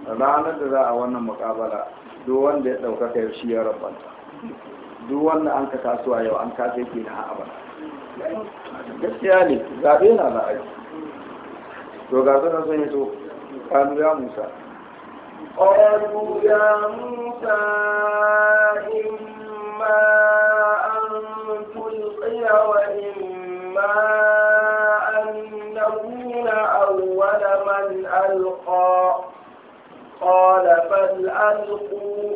ranar da za a wannan mukabala duk wanda ya ɗaukaka shi ya rabanta duk wanda an ka taso yau an kasa yake na ba. gaskiya ne zaɓe na na aiki to ga suna sun yi to kanu ya musa قالوا يا موسى إما أن تلقي وإما أن نكون أول من ألقى قال فلألقوا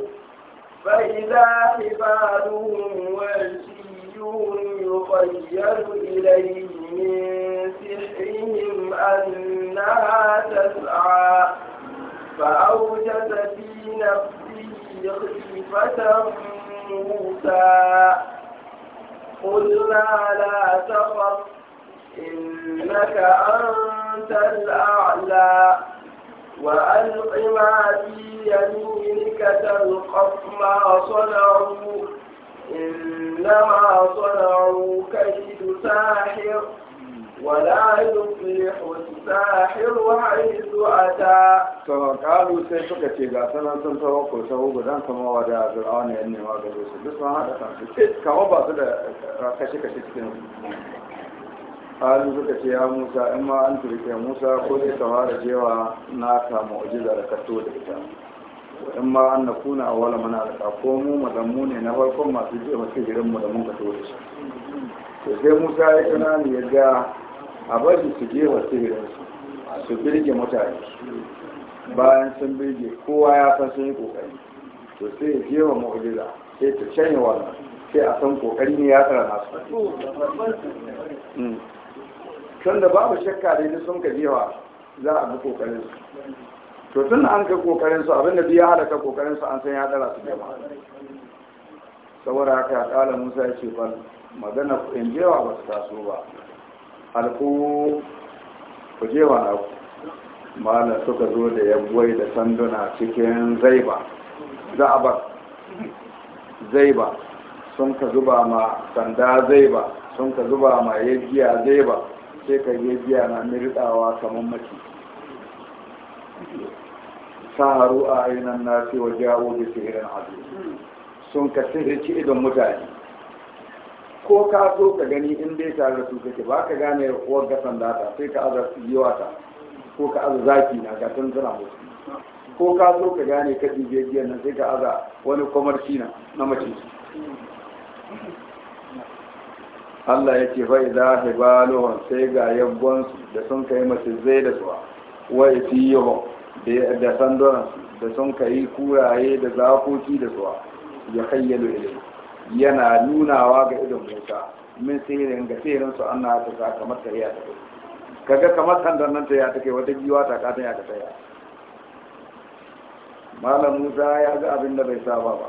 فإذا حبالهم وعشيهم يخيل إليه من سحرهم أنها تسعى فأوجس في نفسه خيفة موسى قلنا لا تخف إنك أنت الأعلى وألق ما في يمينك تلقف ما صنعوا إنما صنعوا كيد ساحر ولا يفلح الساحر حيث أتى فقالوا سيشك تيغا سنة سنة وقل دان بدان كما ودا فرعون ما وقل بس ما هذا كان كما بعد كشك شكتين halu suka ce ya musa in ma an turke musa ko sai ka fara cewa na ka mu'jiza da ka to da ita in ma an na kuna a wala mana alka ko mu mazammu ne na farkon masu je masu girin mu da mun ka to da shi to sai musa ya kana ne ya ga a bari su je wasu girin su su birge mutane bayan sun birge kowa ya san sun yi kokari to sai ya je wa mu'jiza sai ta canye wannan sai a san kokari ne ya tsara nasu hmm. tun da babu shakka da sun ka za a bi kokarin su to tun an ga kokarin su abinda biya halaka kokarin su an san ya dara su jama'a saboda haka kala musa ya ce ban magana in jewa ba su taso ba alku ku jewa na ku malam suka zo da yabuwai da sanduna cikin zaiba ba zaiba sun ka zuba ma sanda zaiba sun ka zuba ma yajiya zaiba sai ka je biya na mirɗawa kamar mace saharu a ainihin nasi wa jawo da sihirin abu sun ka sihirci idan mutane ko ka so ka gani in dai tare su kake ba ka gane wagga sanda ta sai ka aza yiwa ta ko ka aza zaki na ga zana suna mutu ko ka so ka gane ka ɗibe nan sai ka aza wani kwamarci na mace Allah ya ce fai za a sai ga yabbonsu da sun kai masu zai da suwa wa ifiyahun da sandonansu da sun kai kuraye da zakoki da suwa ya kayyalo ilai yana nunawa ga idon mota, min sihirin ga sihirinsu an na ta sa kamar ta ya ta kaga kamar sandan nan ta ya ta kai wata giwa ta katon ya ta malam musa ya ga abin da bai saba ba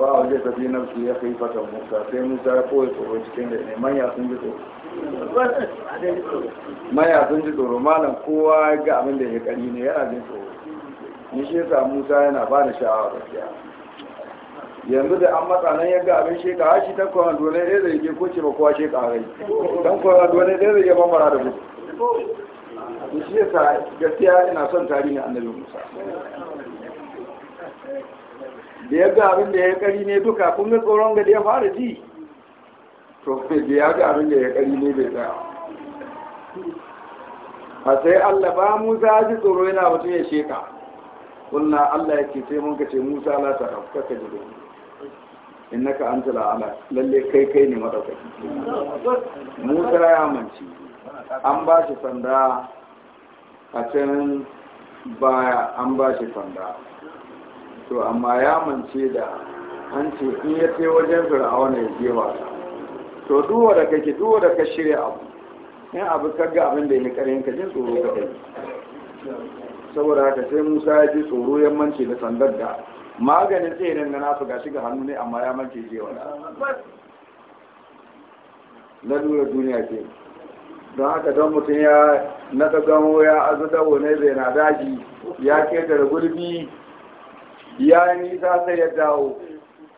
fa a waje sabi na su ya kai fata musa sai musa ya koya tsoro cikin da ne manya sun ji tsoro manya sun ji tsoro malam kowa ga abin da ya kari ne yana jin tsoro ni shi yasa musa yana ba da sha'awa gaskiya yanzu da an matsa nan ya ga abin sheka ha shi tankon a dole ɗaya zai je koce ba kowa sheka rai tankon a dole ɗaya zai ke mamara da ni shi yasa gaskiya ina son tarihin annabi musa da ya ga abin da ya kari ne duka kun ga tsoron ga da ya fara ji to da ya ga abin da ya kari ne bai tsaya a sai Allah ba Musa ji tsoro yana mutum ya sheka kunna Allah ya ce sai mun ce Musa la ta kaka ji dai innaka anta la'ala lalle kai kai ne madaukaki Musa ya manci an ba shi sanda a can baya an ba shi sanda to amma ya mance da an ce in ya ce wajen fir'auna ya je ba to duwa da kake duwa da ka shirya abu in abu ka ga abin da ya karin ka jin tsoro ka kai saboda haka sai musa ya ji tsoro ya mance da sandar da maganin tsirin na nasu ga shiga hannu ne amma ya mance je Na lura duniya ke don haka don mutum ya na gamo ya azu dabo ne zai na daji ya da gurbi ya yi nisa sai ya dawo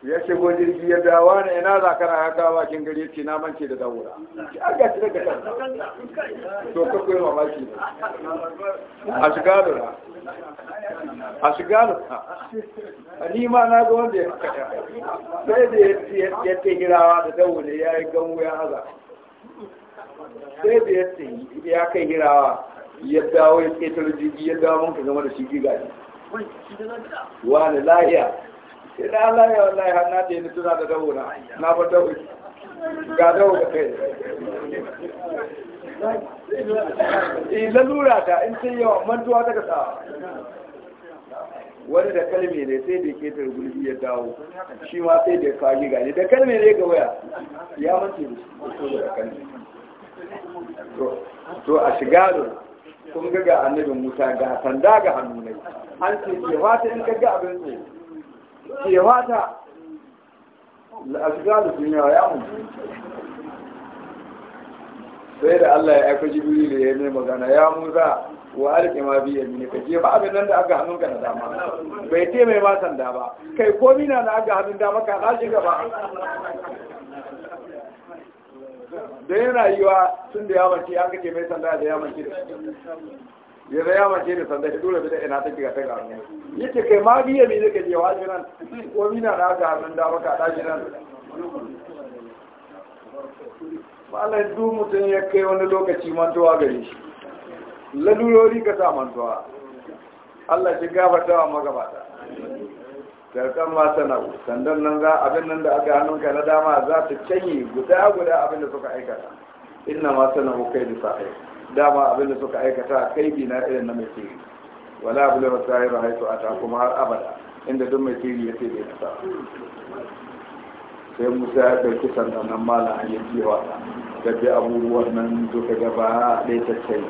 ya shigo gudun ya dawo ne ina za ka raka kawa kin gari ce na mance da daura ki aga shi daga kan to ka koyi mamaki a shiga da a shiga da ni ma na ga wanda ya sai da ya ce hirawa da daure ya yi ganwu ya haza sai da ya ce ya kai hirawa ya dawo ya ƙetare jirgi ya dawo mun ka da shi gigaji wani lahiya idan da lahiya wani lahiya na ce ni tuna da dawo na na ba dawo ga dawo ga kai eh lalura ta in sai yawa mantuwa daga sa wani da kalme ne sai da ke tar gulbi ya dawo shi ma sai da kaji gani da kalme ne ga waya ya mace da shi to a shiga da kun ga ga annabin musa ga sanda ga hannu ne an ce ke fata in ka ga abin ne ke fata al'asgalu sun yawa ya mutu sai da Allah ya aika da ya ne magana ya musa wa alƙi ma bi yamin ka je ba abin nan da aka hannun ka na dama bai ce mai ma sanda ba kai komina na aka hannun dama ka na gaba da yin rayuwa tun da yawon ce an kake mai sanda da yawon ce da ya da yawon ce da sanda ya dole bi da ina take ga kai ga yake ce kai ma biya ne zai jewa wa nan ko mina da aka hannun da baka da nan Allah du mutum ya kai wani lokaci mantuwa gare shi lalurori ka man mantuwa Allah shi gafarta wa magabata karkan ma sana'u sandan nan za abin nan da aka hannun ka na dama za ta canye guda guda abin da suka aikata inna ma sana'u kai da sa'ai dama abin da suka aikata kai bi na irin na mai wala abu da wasu ba haitu a ta kuma har abada inda duk mai tiri ya ce bai nasa sai musa ya ɗauki sandan nan malam an yi jiwa ta bi abubuwan nan duka gaba ɗaya ta canye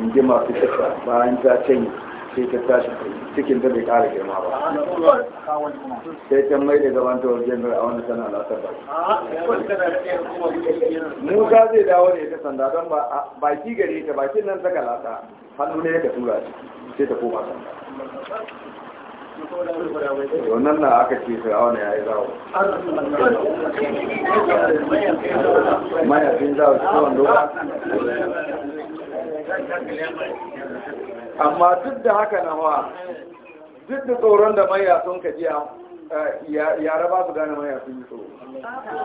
in ji masu kasa bayan ta canye sai ta tashi cikin ta bai kara girma ba sai ta mai da gaban ta wajen a wanda tana lasar ba musa zai dawo ne ta sanda don baki gare ta bakin nan saka lasa hannu ne ka tura shi sai ta koma sanda wannan na aka ce sai awon ya yi zawo mayafin zawo cikin wanda amma duk da haka na wa duk da tsoron da mayasun ka jiya eh, yara ba su gane maya yi tsoro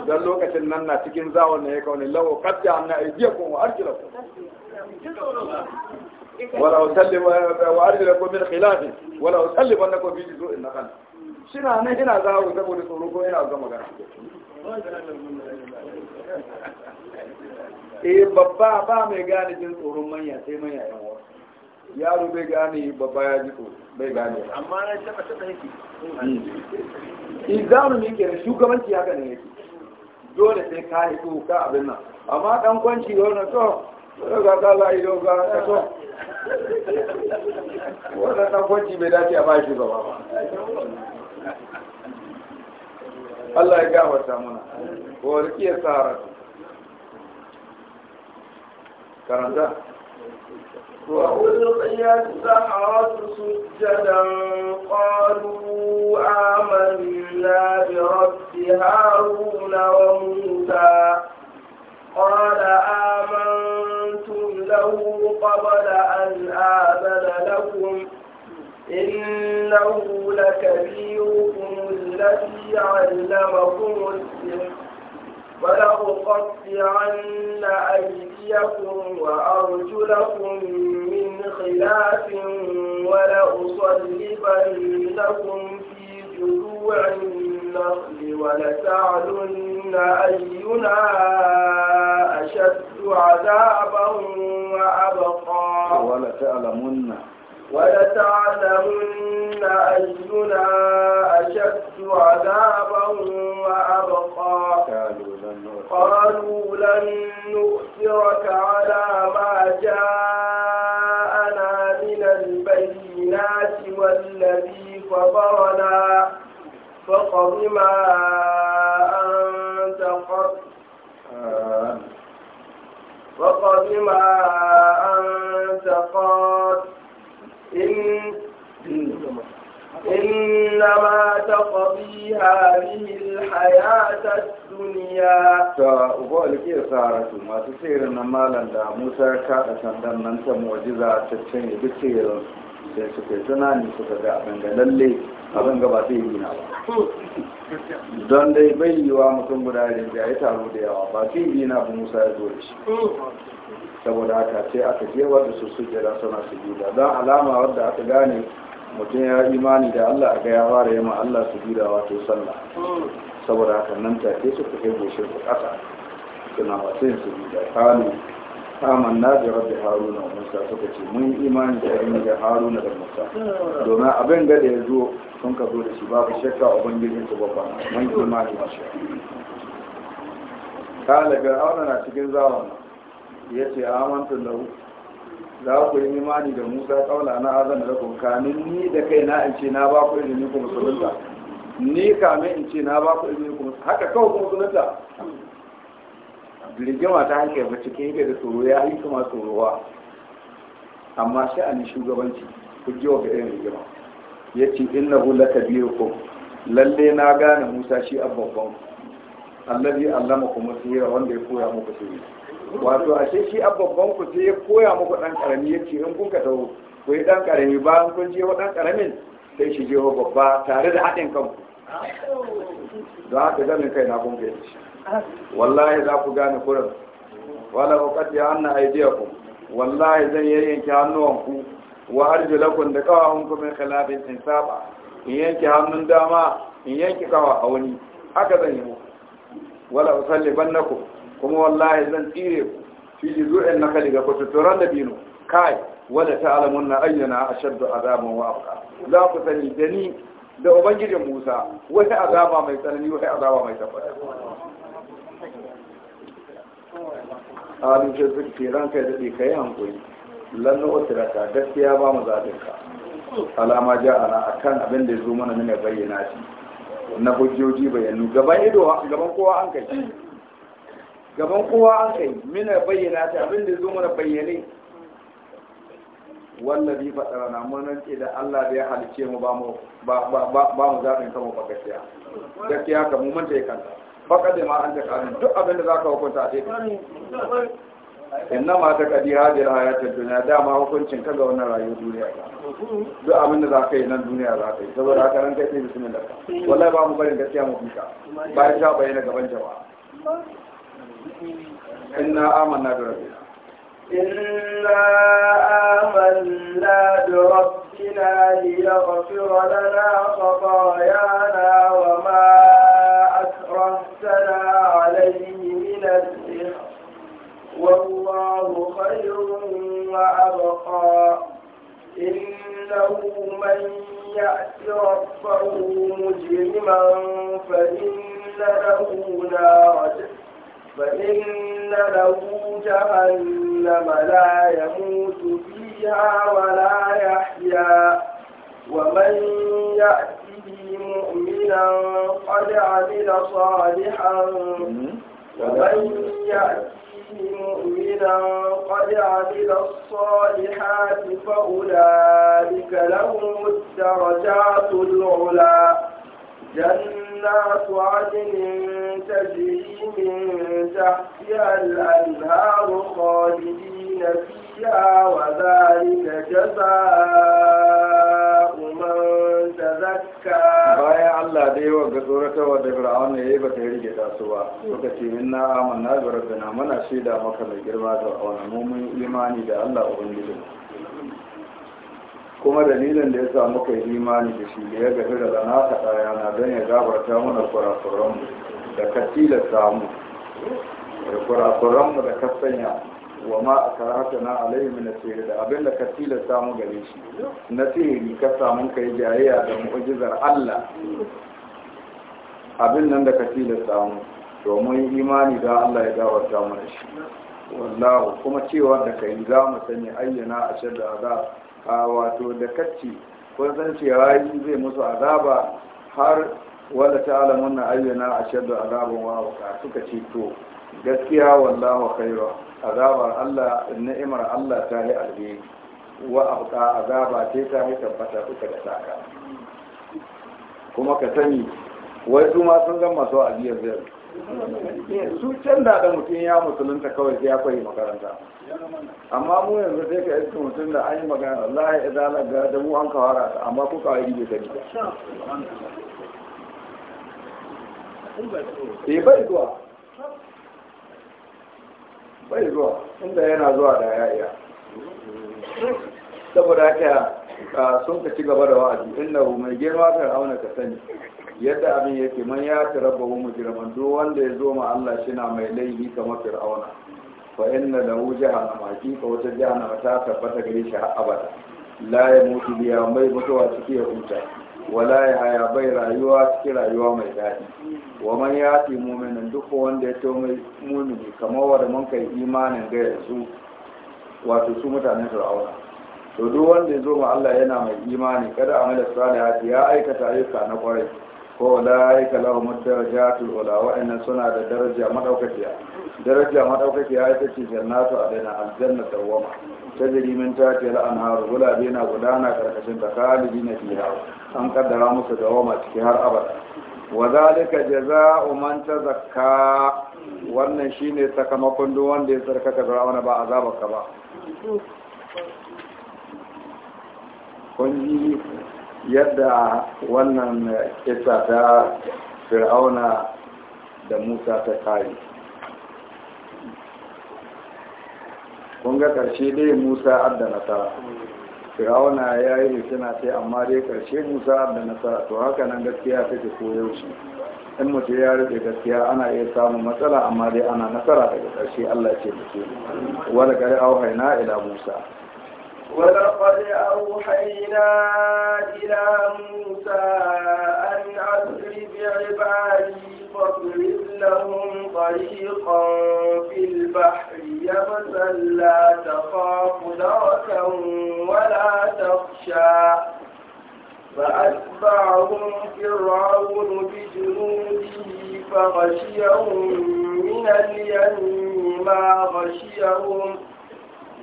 don lokacin nan na cikin zawon na ya kaune lawo kadda an na ajiya kun wa arjila ku wala usalli wa arjila ku min khilafi wala usalli ban ku biji zo inna kan shina nan ina zawo saboda tsoro ko ina ga magana eh babba ba mai gane jin tsoron manya sai manya yan yaro bai gane babba ya ji ko bai gane amma na taba taba yake hmm. izamu ne kenan shugabanci haka ne yake dole sai ka yi ko ka abin nan amma dan kwanci wannan to ga ka la ido ga ka to wannan dan kwanci bai dace a bashi ba ba Allah ya gafarta mana ko riƙe tsara karanta وألقي السحرة سجدا قالوا آمنا برب هارون وموسى قال آمنتم له قبل أن آذن لكم إنه لكبيركم الذي علمكم السحر ولأقطعن أيديكم وأرجلكم من خلاف ولأصلبنكم في جذوع النخل ولتعلن أينا أشد عذابا وأبقى ولتعلمن ولتعلمن أينا أشد عذابا وأبقى قالوا لن نؤثرك على ما جاءنا من البينات والذي فطرنا فقض ما أنت قد فقض ما أنت قد إنما تقضي هذه الحياة الدنيا فأقول لك سارة ما تسير نمالا دا موسى كاتا سندن ننسى معجزة تتشيني بسير sai suka ga abin lalle don dai bai yi wa mutum guda da ya yi taro da yawa ba yi na musa ya zo da shi saboda haka sai aka je wadda su sujjada suna sujuda don alama wadda aka gane mutum ya imani da Allah a gaya ya fara yi ma Allah su gida wato sallah saboda haka nan take su ku kai goshe ku ƙasa suna wasu yin su gida kalu aman na da rabbi haruna musa suka ce mun imani da yin da haruna da musa domin abin da da ya zo sun ka zo da shi babu shakka ubangijin su babba mun imani mashi kala fir'auna na cikin zawon ya ce amantun da za ku yi imani da musa kaula na azan da kuma kamin ni da kai na in ce na ba ku izini kuma sunanta, ni kamin in ce na ba ku izini kuma, haka kawai kuma musulunta rigima ta hanke ba cikin yake da tsoro ya yi kuma tsorowa amma sha'ani shugabanci ku ji ga irin rigima ya ce inna hula ku lalle na gane musa shi abubban allabi allama kuma tsira wanda ya koya muku tsoro wato ashe shi babban ku sai ya koya muku dan karami ya ce in kun ka taho ku yi dan karami bayan kun je wa dan karamin sai shi je wa babba tare da haɗin kanku don haka ganin kai na kun gaji wallahi za ku gane kurin wala ku kaddi anna ku wallahi zan yayyanke hannuwanku wa arjulakum da kawahunku min khilafin insaba in yanke hannun dama in yanke kawa a wani haka zan yi wala ku. kuma wallahi zan tsire ku fi juzu'in na kaliga ku tuturan da binu kai wanda ta alamun na ayyana a shaddu azaban wa afka za ku sani da ni da ubangijin musa wata azaba mai tsanani wata azaba mai tabbata halin shi duk ke ranka ya daɗe ka yi hankuli lannan wata raka gaskiya ba mu zaɓin ka alama ja ana a kan abin da ya zo mana nuna bayyana shi na hujjoji bayanu gaban ido gaban kowa an kai gaban kowa an kai mina bayyana ta abin da zo mana bayyane wallabi fadara na mun ce da Allah da ya halice mu ba mu ba ba mu zaɓin kama ba gaskiya gaskiya ka mu manta ya kanta faka da ma an ta kanin duk abin da za ka hukunta a cikin inna ma ta kadi hadir hayatar duniya ma hukuncin ka ga wannan rayuwar duniya duk abin da za ka yi nan duniya za ka yi saboda haka ran kai sai bismillah wallahi ba mu barin gaskiya mu fika bayan ta bayyana gaban jama'a inna amanna bi rabbina inna amanna bi rabbina liyaghfira lana khatayana wa ma akrahtana alayhi min al wallahu khayrun wa abqa إنه من يأت ربه مجرما فإن له نار فإن له جهنم لا يموت فيها ولا يحيا ومن يأته مؤمنا قد عمل صالحا ومن يأته مؤمنا قد عمل الصالحات فأولئك لهم الدرجات العلى جنة na tsoha jinin ta jirgin yin ta yallar na rubuta nasiya wazari da gasa kuma ta zakka. bayan allah dayawa ga tsoratarwa dabara a wani eba dari da tasowa baka timin na amana da girma da aure mumin limani da allah abangidan. kuma dalilin da ya sa muka yi imani da shi da ya gafi da lana ka na don ya gabata mana kurakuranmu da ka tilasta mu da kurakuranmu da ka sanya wa ma a karata na alayhi min tsere da abin da ka tilasta mu gare shi na tsere ka samu ka yi jayayya da mu'jizar Allah abin nan da ka tilasta mu domin imani da Allah ya gabata mana shi wallahu kuma cewa da kai za mu sanya ayyana a shadda azab wato da kacci kun san cewa yi zai musu azaba har wanda ta alamun na ayyana a shaddu azabin wawaka suka ce to gaskiya wallahu khairu azabar Allah ni'imar Allah ta yi alheri wa abqa azaba ce ta yi tabbata suka da saka kuma ka sani wai su ma sun zama a abiyar zai su can da mutum ya musulunta kawai sai ya kwaye makaranta amma mu yanzu sai ka iska mutum da an yi magana Allah ya izala ga da mu an kawara ta amma ko kawai bai gani ba eh bai zuwa bai zuwa inda yana zuwa da ya iya saboda haka sun ka ci gaba da wa'azi inna mai girma kan auna ka sani yadda abin yake man ya tarabba mu mujriman duk wanda ya zo ma Allah shi na mai laifi kamar fir'auna fa inna lahu jahannama hakika wata jahannama ta tabbata gare shi har abada la ya mutu biya mai mutuwa ciki ya haya bai rayuwa ciki rayuwa mai daɗi wa man ya fi muminin duk wanda ya to mai kamar wanda mun kai imanin ga yanzu wato su mutanen fir'auna to wanda ya ma Allah yana mai imani kada amala salihati ya aikata ayyuka na kwarai ko la'aika lahum darajatul ula inna suna da daraja madaukakiya daraja madaukakiya ita ce jannatu adana aljanna dawama tajri min tahtiha al-anhar wala na gudana karkashin ta na fiha an kaddara musu dawama cikin har abada wa zalika jazaa'u man tazakka wannan shine sakamakon duk wanda ya sarkaka wani ba azabaka ba kun yi yadda wannan kisa ta fir'auna da musa ta kare ga ƙarshe dai musa adda nasara fir'auna ya yi rikina sai amma dai ƙarshe musa adda nasara to haka nan gaskiya take koyaushe in mutu ya rike gaskiya ana iya samun matsala amma dai ana nasara daga ƙarshe allah ce da ke wani gari auhaina ila musa ولقد أوحينا إلى موسى أن أسر عبادي فاضرب لهم طريقا في البحر يبسا لا تخاف دركا ولا تخشى فأتبعهم فرعون بجنوده فغشيهم من اليم ما غشيهم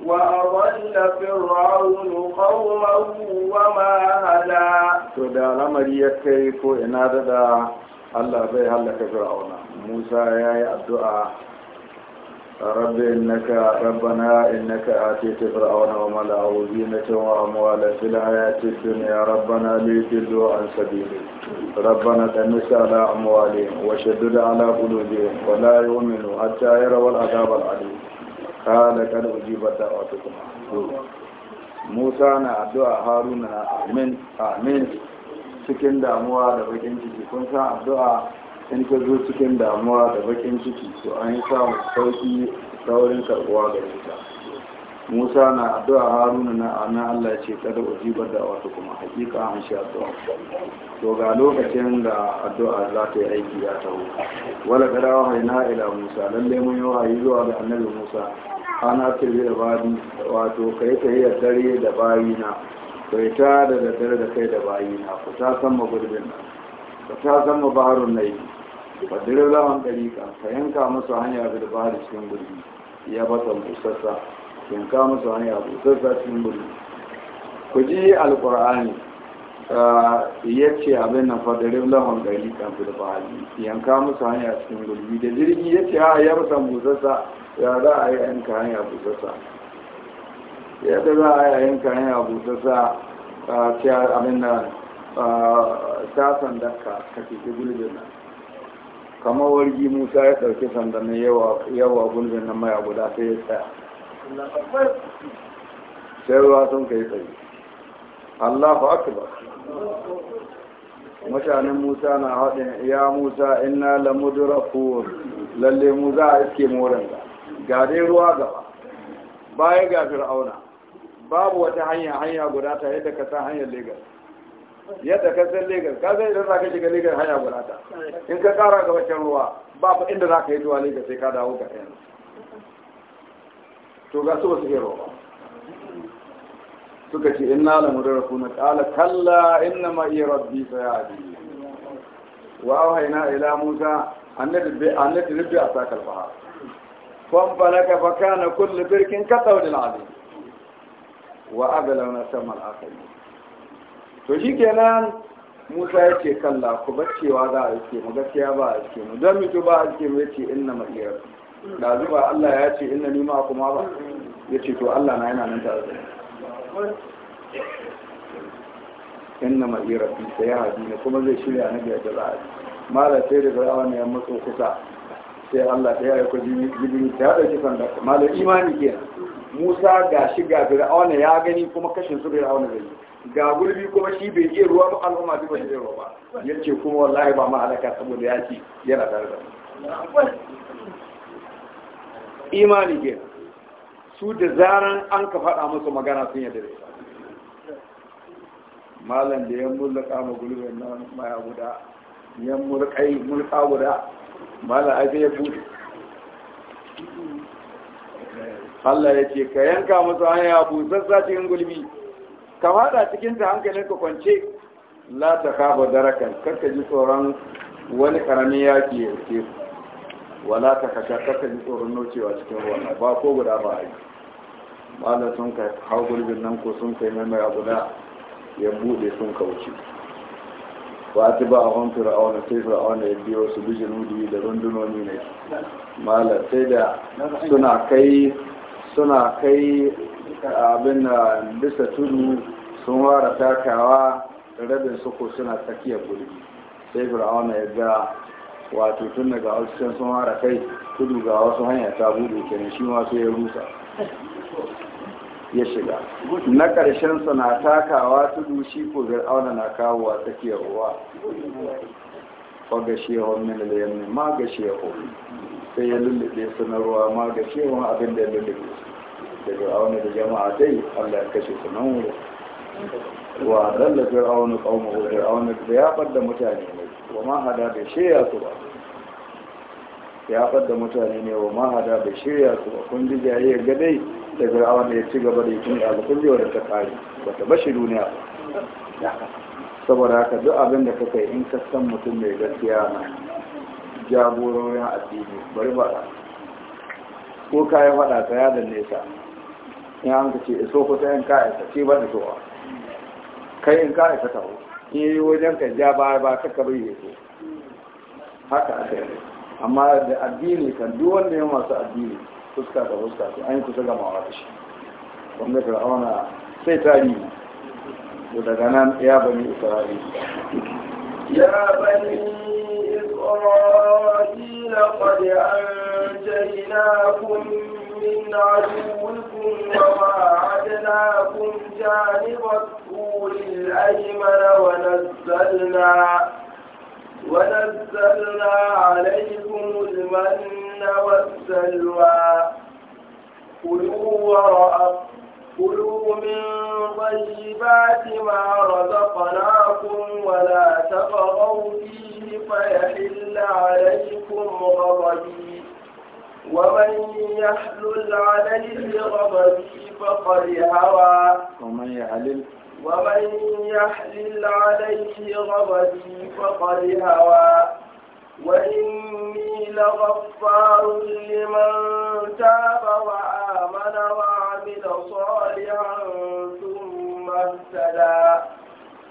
وأضل فرعون قومه وما هدى تدى لمري يكيف إن هذا الله زي هلك فرعون موسى يا الدعاء رب إنك ربنا إنك آتيت فرعون وملأه زينة وأموالا في الحياة الدنيا ربنا ليضلوا عن سبيلك ربنا تمس على أموالهم وشدد على قلوبهم ولا يؤمنوا حتى يروا العذاب العليم kala kada ujibar da wata kuma musa na addu'a haruna na amin cikin damuwa da bakin ciki kun san addu'a in ka zo cikin damuwa da bakin ciki to an yi samun sauki saurin karbuwa ga ita musa na addu'a haruna na ana allah ce kada ujibar da wata kuma hakika an sha addu'a to ga lokacin da addu'a za ta yi aiki ya taho wala kada wahayi na ila musa lalle mun yi wahayi zuwa ga annabi musa ana tirbe da bayi wato kai ta yi dare da bayi na kai ta da daddare da kai da bayi na ku ta san magurbin nan ku ta san mabarun nai ba dire lawan dariƙa ka yanka musu hanyar da bahar cikin gurbi ya bata musassa sun ka musu hanya busar sa cikin buri ku ji alkur'ani ya ce abin nan fadarin lahon gari kan fi da bahali yanka musu hanya cikin gulbi da jirgi ya ce ha ya rasa busassa ya za a yi yanka hanya ya yadda za a yi yanka hanya busassa ce abin nan ta sandaka ka fi gulbin nan kamar wargi musa ya ɗauki sandan yawa gulbin nan mai abu da sai ya tsaya sai ruwa sun kai tsaye allahu akbar mutanen musa na haɗin ya musa ina lamudura kuwar lalle mu za a iske moran ga dai ruwa gaba baya ga fir'auna babu wata hanya hanya guda ta yadda ka san hanyar legas yadda ka san legas ka zai idan za ka shiga legas hanya guda ta in ka kara ga waccan ruwa babu inda za ka yi zuwa legas sai ka dawo ga ɗaya to ga su ba su hero ba suka ce inna la na qala kalla inna ma iya rabbi sayadi wa awhayna ila musa annati bi annati rabbi asakal bahar fam balaka fa kana kullu birkin katawdil alim wa agalana samal akhir to shikenan musa ya ce kalla ku baccewa za a yake mu gaskiya ba a yake mu don mutu ba a yi mu ya ce inna ma iya rabbi da zuba Allah ya ce inna ni ma kuma ba ya ce to Allah na yana nan ta da inna ma ira fi sai ya ne kuma zai shirya na biyar da za a yi sai da fir'awa ne ya matso kusa sai Allah ta yaya ku jibiri ta ji kifan da mala imani ke Musa ga shi ga fir'awa ne ya gani kuma kashin su fir'awa ne zai ga gurbi kuma shi bai iya ruwa ba al'umma duk ba shi ruwa ba yace kuma wallahi ba ma halaka saboda yaki yana tare da mu imani su da zaran an ka faɗa musu magana sun yadda da ita malam da ya mulka ma gulbin na maya guda ya mulkai mulka guda malam ai ya bude Allah ya ce ka yanka musu hanya zazza cikin gulbi ka fada cikin ta hankalin ka kwance la ta kaba darakan karka ji tsoron wani karamin yaki ya ce ku wala ta kasha kasa ji tsoron nocewa cikin ruwa na ba ko guda ba a yi malar sun ka hau gurbin nan ko sun kai mai mara guda ya bude sun kauce ba ta ba a hon fir'auna sai fir'auna ya biyo su bi jinudi da rundunoni ne malar sai da suna kai suna kai abin da bisa tudu sun wara takawa rabin ko suna tsakiyar gurbi sai fir'auna ya ga wato tun daga wasu can sun hara kai kudu ga wasu hanya ta buɗe ne shi wasu ya rusa ya shiga na ƙarshen sa na takawa tudu shi ko auna na kawo a tsakiyar ruwa fa gashehon min al ne ma ga gashehon sai ya lullube su na ruwa ma gashehon abin da ya lullube su da auna da jama'a dai Allah ya kashe su nan wuri wa dalla fir'auna qaumahu auna da ya bar da mutane ne wa mahada bai shirya su ba ya fadda mutane ne wa mahada bai shirya su ba kun ji jariyar gadai da fir'awan da ya ci gaba da yakin da alkulliyar da ta kare ba ta bashi duniya ba saboda haka duk abin da ka kai in ka san mutum mai gaskiya na jagororin addini bari faɗa ko ka yi faɗa tsaya da nesa in an ka ce iso kusa in ka isa ce ba da zuwa kai in ka isa taho in yi wajen ka ja baya ba ka kabar yi ko haka aka yi amma da addini kan duk wanda ya masu addini fuska da fuska su an yi kusa ga mawa shi wanda ka auna sai tarihi da daga nan ya bani isra'ila ya bani isra'ila qad anjaynakum min aduwwikum wa الأيمن ونزلنا ونزلنا عليكم المن والسلوى كلوا ورأوا كلوا من طيبات ما رزقناكم ولا تبغوا فيه فيحل عليكم غضبي ومن يحلل عليه غضبي فقد هوى ومن يحلل ومن يحلل عليه غضبي فقد هوى وإني لغفار لمن تاب وآمن وعمل صالحا ثم اهتدى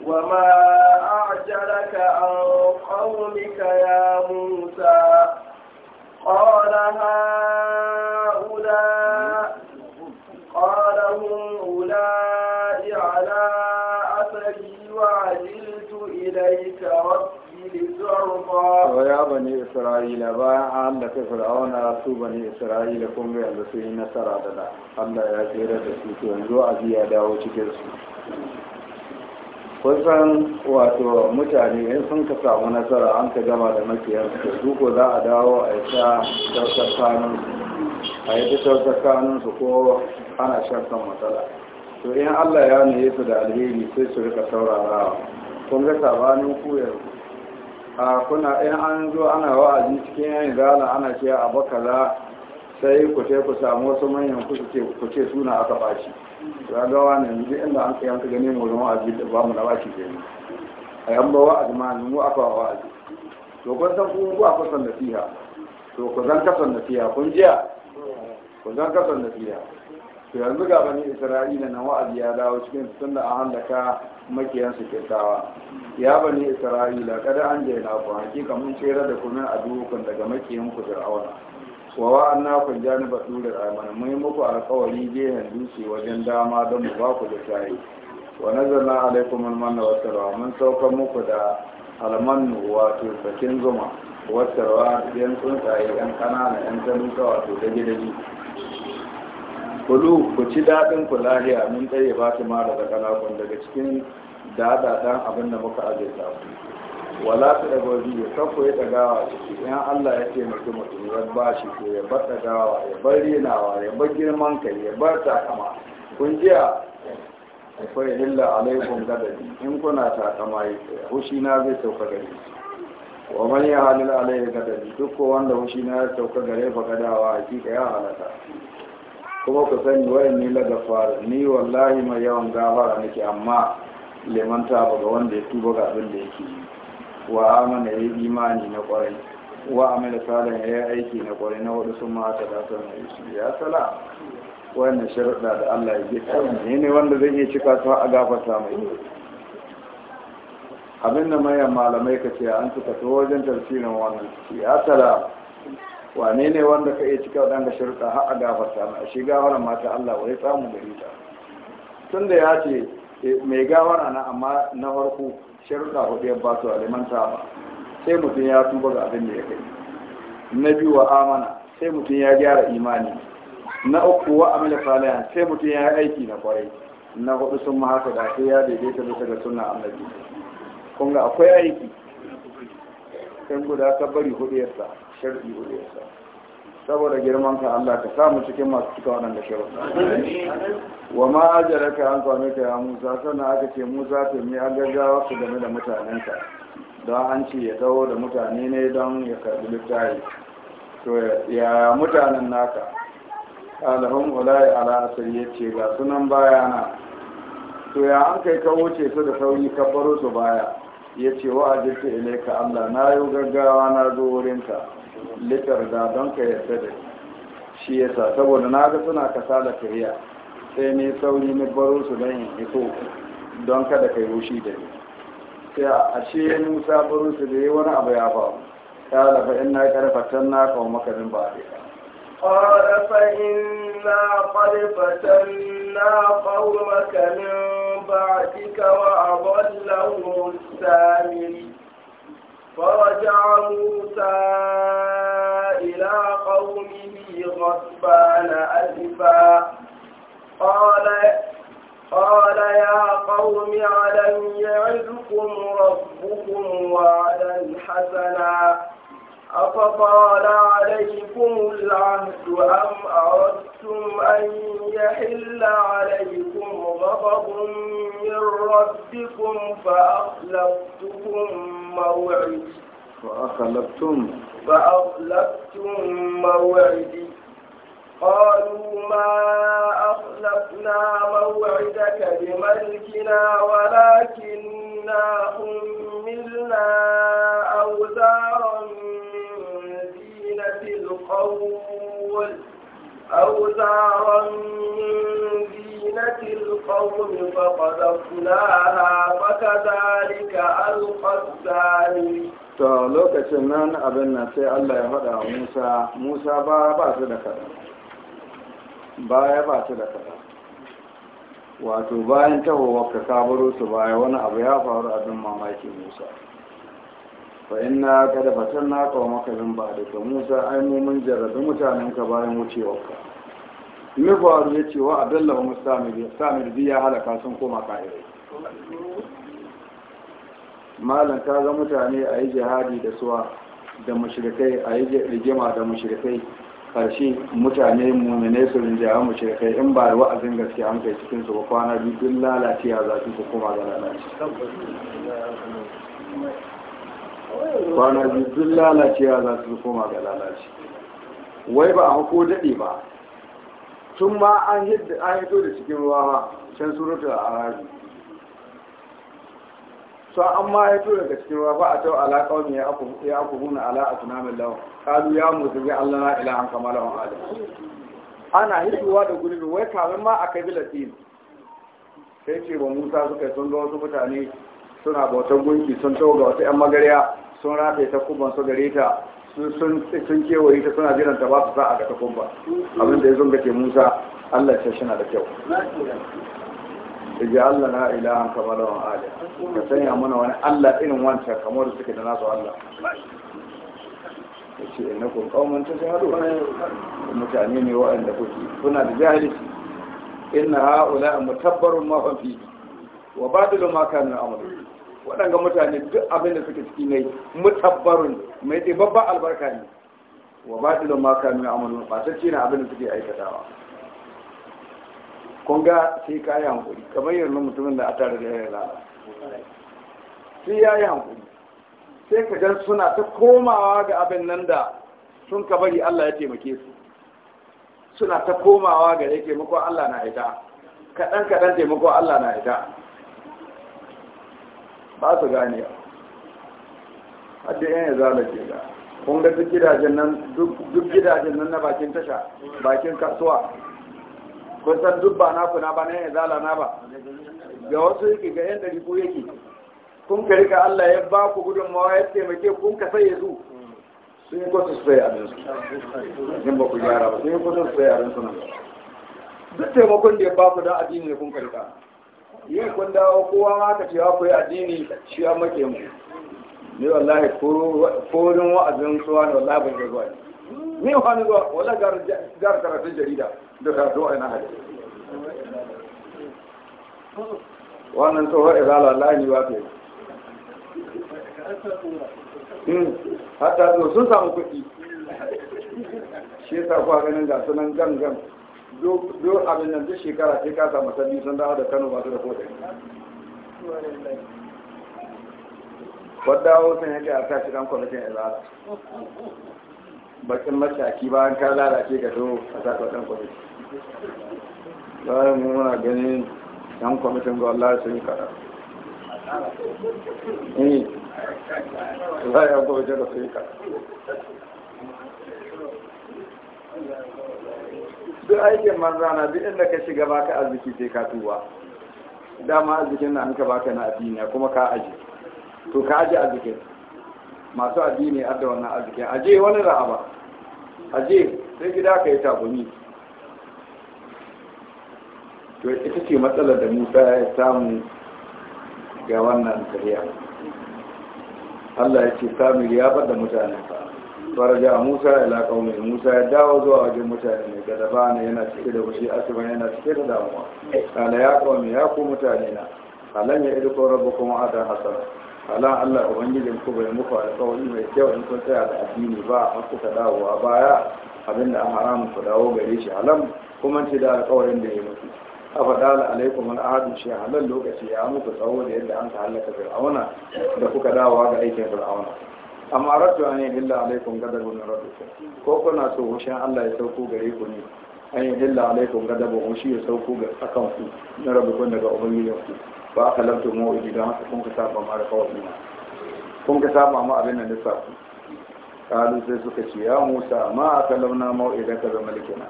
وما أعجلك عن قومك يا موسى قال هذا wa ya bani isra'ila bayan an da kai fir'auna su bani isra'ila kun ga yanzu sun yi nasara da da allah ya tsere da su to yanzu a biya dawo cikin su kusan wato mutane in sun ka samu nasara an ka gama da makiyar su ko za a dawo a yi ta a yi ta su ko ana shan matsala to in allah ya nuye su da alheri sai su rika saurarawa kun ga sabanin ku yanzu a kuna in an zo ana wa'azi cikin yan gala ana ce a bakala sai ku ce ku samu wasu manyan ku ce ku ce suna aka bashi ya ga wani yanzu inda an kai yanka ganin wurin wa'azi da ba mu na bashi ke a yan ba wa'azi ma mu aka wa'azi to kun san ku a kusan san nasiha to ku zan kasan nasiha kun jiya ku zan kasan nasiha to yanzu ga bani isra'ila na wa'azi ya dawo cikin su tunda an makiyan makiyansu kyautawa ya bani isra'ila kada an jaina ku hakika mun tsere da kuma adukun daga makiyan ku fir'auna wa wa'anna kun janiba da amana mun yi muku alkawari gehen dutse wajen dama don mu ba ku littafi wa nazarna alaikum almanna wa salwa mun saukar muku da almannu wato sakin zuma wa salwa yan tsuntsaye yan kanana yan tanuka wato dage-dage kulu ku ci daɗin ku lahiya mun tsaye ba ta mara da kanakon daga cikin daɗaɗan abin da muka azaita ku wala ta da gobi ya kafa ya ɗagawa ciki yan allah ya ce mutum ya ba shi ko ya bar ɗagawa ya bar renawa ya bar girman kai ya bar takama kun jiya Akwai ya lilla alaikum gadadi in kuna takama ya hushi na zai sauka gari wa man ya halil alaihi gadadi duk wanda hushi na ya sauka gare fa gadawa hakika ya halata kuma ku sani wayan ni la gafar ni wallahi ma yawan gafara nake amma liman ta ga wanda ya tuba ga abin da yake yi wa amana ya yi imani na kwarai wa amina salan ya yi aiki na kwarai na wadda sun ma da dasa yi shi ya sala wannan sharuɗa da Allah ya gita ne ne wanda zai iya cika su a gafarta mai abin da mayan malamai ka ce an suka to wajen tarfinan wannan ya sala wane ne wanda ka iya cika waɗanda shirka har a gafarta mai shi gawara mata Allah wai samu gari ta tun da ya ce eh, mai gawara na amma na farko shirka hudu ya ba su a liman ba sai mutum ya tuba ga abin da ya kai na biyu wa amana sai mutum ya gyara imani na uku wa amila salihan sai mutum ya yi aiki na kwarai na hudu sun mahaka da sai ya daidaita bisa ga sunan annabi kun akwai aiki kan guda ta bari hudu yasa sharɗi wuri ya sa saboda girman ka Allah ka samu cikin masu cika waɗanda shirin wa ma ajara ka an same ka ya Musa sannan aka ce Musa ta yi an gaggawa su game da mutanenka don an ce ya dawo da mutane ne don ya karɓi littafi to ya mutanen naka alhum ulai ala asir ce ga sunan bayana to ya an kai ka wuce su da sauyi ka su baya ya ce wa ajirta ilaika Allah na yi gaggawa na zo wurinka litar da don ka yarda da shi yasa saboda na ga suna da kariya, sai ne sauri na baro su don yin hito don kada ka yi rushi da ni sai a ce musa baro su da yi wani abu ya ba ta lafa ina karfatan na kawo makarin ba a قال فرجع موسى إلى قومه غضبان أسفا قال قال يا قوم علم يعدكم ربكم وعدا حسنا أفطال عليكم العهد أم أردتم أن يحل عليكم غضب من ربكم فأخلفتكم موعدي فأخلفتم فأخلفتم موعدي قالوا ما أخلفنا موعدك بملكنا ولكننا حملنا أوزارا القول أوزارا من زينة القوم فقذفناها فكذلك ألقى الثاني to lokacin nan abin nan sai Allah ya faɗa wa Musa Musa ba ba su da kaɗan baya ba su da kaɗan wato bayan tahowar ka kabaro su baya wani abu ya faru abin mamaki Musa fa inna qad fatanna qawmaka min ba'dika Musa ai mu mun jarrabi mutanen ka bayan wucewarka me ba ya ce wa adallahu mustamil samir bi ya halaka sun koma kaire malan ka ga mutane a yi jihadi da suwa da mushrikai a yi rigima da mushrikai karshe mutane mummune su rinjaya mushrikai in ba wa'azin gaske an kai cikin su ba kwana biyu duk lalaciya za su koma ga lalaci kwanar jirgin lalacewa za su koma ga lalace wai ba a hako daɗe ba tun ma an hito da cikin ruwa ba can surutu a arabi sa an ma hito daga cikin ruwa ba a tau alaƙa wani ya aku huna ala a tunamin lawan kalu ya mutu ga allah na ilahan kama lawan adam ana hitowa da gulbi wai kamin ma a din. sai ce ba musa suka sun ga wasu mutane suna bautar gunki sun tawo ga wata 'yan magariya sun rataye ta kuban su gare ta sun kewaye ta suna jiran ta ba su sa'a ga ta kubba abin da ya zunga ke musa allah ce shi na da kyau Ijiyar allah na ilahan kamar lawan ali ka sanya mana wani allah irin wancan kamar da suke da nasu allah ya ce ina kun kawon ta wani mutane ne waɗanda kuke kuna da jahilci inna ha'ula mutabbarun mafafi fi wa badilun ma kanu amalu waɗanga mutane duk abin da suke ciki ne mutabbarun mai ce babban albarka ne wa su ma kanu amalu fatacce na abin da suke aikatawa kun ga sai ka yi hankuri kamar yanzu mutumin da a tare da yayin lala sai ya yi hankuri sai ka jan suna ta komawa ga abin nan da sun ka bari Allah ya taimake su suna ta komawa ga ya taimakon Allah na ita kaɗan kaɗan taimakon Allah na ita ba su gane hadda yan ya zama ke da kun ga duk gidajen nan duk gidajen nan na bakin tasha bakin kasuwa kun san duk ba na kuna ba na yan ya zala na ba ga wasu yake ga yan ɗari ko yake kun ka rika Allah ya ba ku mawa ya taimake kun ka sai su sun yi kwasu su sai a su yin ba ku gyara ba sun yi kwasu su sai abin su nan duk taimakon da ya ba ku da addini ne kun ka rika Yi kun dawo kowa ma ka cewa ku yi addini shi an make mu ni wallahi korin wa'azin suwa ne wallahi ban zuwa ne ni wani zuwa wala gar karatun jarida da karatun ina hajji wannan tsohon izala wallahi ni wafe hmm, hatta to sun samu kuɗi shi yasa kuwa ganin ga sunan gangan do abin nan duk shekara sai ka samu sabbi sun dawo da Kano masu su da kodai wadda hoton yake a sa shigan kwamitin izala bakin mataki bayan ka lalace ka zo a sa kwamitin kwamitin bayan mu muna ganin yan kwamitin ga Allah sun kada eh bayan kwamitin da sun kada duk aikin manzana duk inda ka shiga baka arziki sai ka tuba dama arzikin na an ka baka na addini kuma ka aje to ka aje arzikin masu addini adda wannan arzikin aje wani ra'aba aje sai gida ka yi tagumi to ita ce matsalar da musa ya samu ga wannan tafiya Allah ya ce samu ya bada ka. faraja musa ila qaumi musa ya dawo zuwa wajen mutane mai gadaba ne yana cike da wuce asiban yana cike da damuwa kana ya qaumi ya ku mutane na halan ya idu ko rabbukum ada hasar halan Allah ubangijin ku bai muku alkawari mai kyau in kun tsaya da addini ba a kuka dawowa baya abinda an haramun ku dawo gare shi halan kuma ce da alƙawarin da ya mutu afadala alaikum al'adu shi halal lokaci ya muku tsawo da yadda an ka halaka fir'auna da kuka dawowa ga aikin fir'auna amma ratu an yi hilla alaikum gadabu na rabbikum ko kuna so hushin Allah ya sauko gare ku ne an yi hilla alaikum gadabu hushi ya sauko ga akan ku na rabbikum daga ubangijin ku ba aka lantu mu uji don haka kun ka saba ma da kawai ina kun ka saba ma abin da nisa ku kalu sai suka ce ya Musa ma aka launa ka zama likina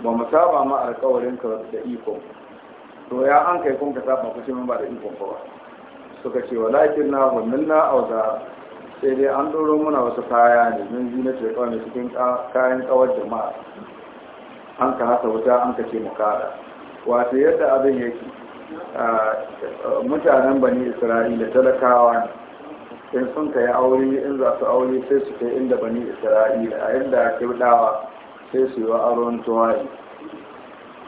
ba mu saba ma alkawarin ka da ikon to ya an kai kun ka saba ku ce mun ba da ikon ba suka ce walakin na a auza sai dai an doro muna wasu kaya ne min zina ce kawai cikin kayan kawar jama'a an ka haka wuta an ka ce makara wata yadda abin yake mutanen bani isra'ila talakawa ne in sun ka yi aure in za su aure sai su kai inda bani isra'ila a inda ke dawa sai su yi wa aron tuwari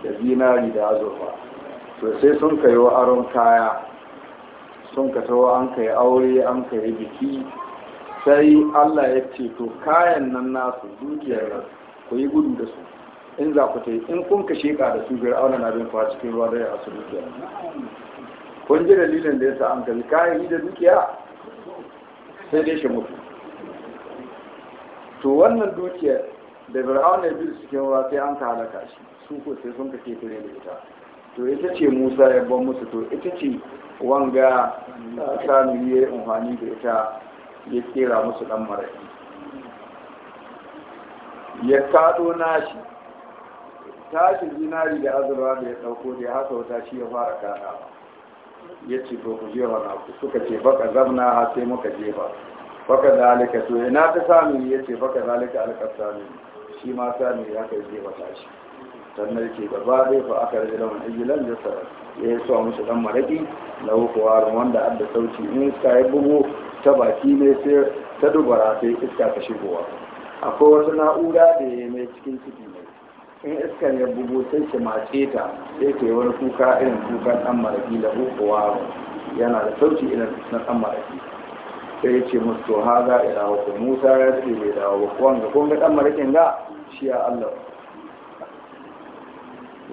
da zinari da azurfa to sai sun ka yi wa aron kaya sun ka tawo an ka yi aure an ka yi biki sai Allah ya ce to kayan nan nasu dukiyar nan ku yi gudu da su in za ku ta yi in kun ka sheka da su biyar auna na bin fa cikin ruwa da ya asu dukiyar kun ji dalilin da ya sa an kalli kayan yi da dukiya sai dai shi mutu to wannan dukiyar da fir'auna ya biyu cikin ruwa sai an ka halaka shi su ko sai sun ka ku ne da ita to ita ce musa ya ban musu to ita ce wanga ah, sanu ya yi amfani da ita ya kera musu ɗan maraƙi ya kaɗo nashi tashin zinari da azurwa da ya ɗauko da ya haka wata shi ya fara kaɗa ya ce to ku jefa na ku suka ce baka zamna ha sai muka jefa baka zalika to ina ta sami ya ce baka zalika sami shi ma sami ya kai jefa tashi sannan ke gaba zai fa aka rage lamun wani ijilan ya sa ya yi so musu ɗan maraƙi na hukuwa wanda adda sauci in ka yi bugu ta baki ne sai ta dubara sai iska ta shigowa akwai wasu na'ura da ya mai cikin ciki ne in iska ya bugu sai ki mace ta sai ta yi wani kuka irin kukan dan maraki da hukowa yana da sauci irin na dan maraki sai ya ce musu to ha za a dawo ko musa ya ce bai dawo ba kuwan ga kun ga dan marakin ga shi ya allah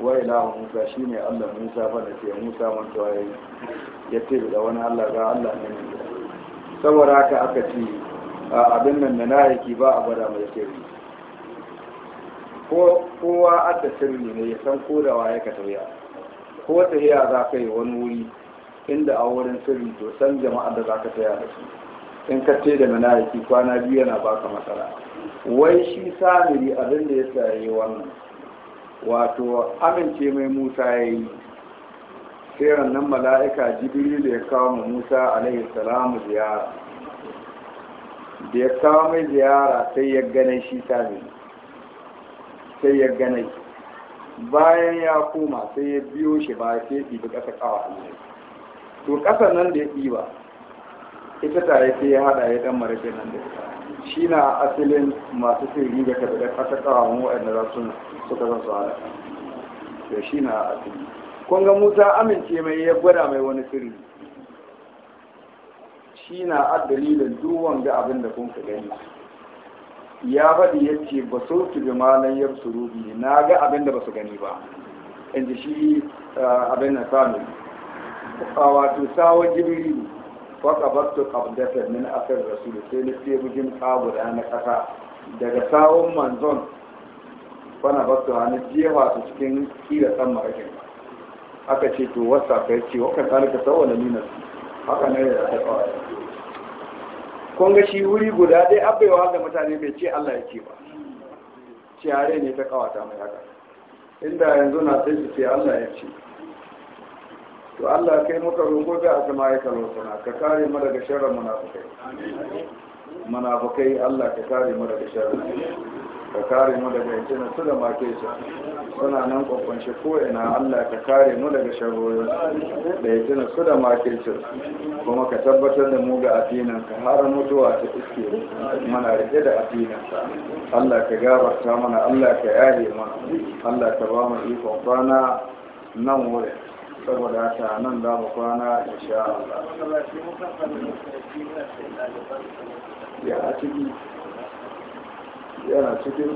wa ila musa shine allah musa fa da ce musa mantuwa ya yi ce da wani allah ga allah ne mai saboda haka aka ce a abin nan na yake ba a gwada mai sirri kowa adda sirri ne ya san ko da ka tauya ko tafiya za ka yi wani wuri inda a wurin sirri to san jama'a da za ka tafiya da su in ka ce da yake kwana biyu yana baka matsala wai shi samiri abin da ya sayi wannan wato amince mai musa ya yi sai rannan mala'ika da ya kawo mu musa alaihi salamu ziyara da ya kawo mai ziyara sai ya gane shi sami sai ya gane bayan ya koma sai ya biyo shi ba sai ya da ƙasa ƙawa to ƙasa nan da ya ɗiba ita ta yake sai ya haɗa ya ɗan marafi nan da ita shi na asalin masu sirri da kaɗaɗa ƙasa ƙawa mu waɗanda za su suka zan su haɗa to shi na asali kun ga musa amince mai ya gwada mai wani sirri shi na addalilin duwan ga abin da kun ka gani ya faɗi ya ce ba so su bi malan yar rubi. na ga abin da ba su gani ba in ji shi abin na sami wato sawon jibiri faka bakto kabdatar min asar da sai na sai bugin da na kasa daga sawon manzon fana bakto na jefa su cikin kira san marakin aka ce to wasa ka yace wa ka na nuna su haka ne ya taɓa kun ga shi wuri guda dai abbaiwa ga mutane bai ce Allah ya ce ba ciyare ne ta kawata mai haka inda yanzu na sai su ce Allah ya ce to Allah kai muka roƙo ga zama ya kalo suna ka kare mu daga sharar munafukai. Munafukai Allah ka kare mu daga sharar. ka kare mu daga yankin su da make su suna nan kwakwanci ina allah ka kare mu daga shagoyin da yankin su da make su kuma ka tabbatar da mu ga ka har mutuwa ta iske mana rike da ka allah ka gabata mana allah ka yaye mana allah ka ba mu ikon kwana nan wurin saboda ta nan za mu kwana insha Allah ya a ciki yana cikin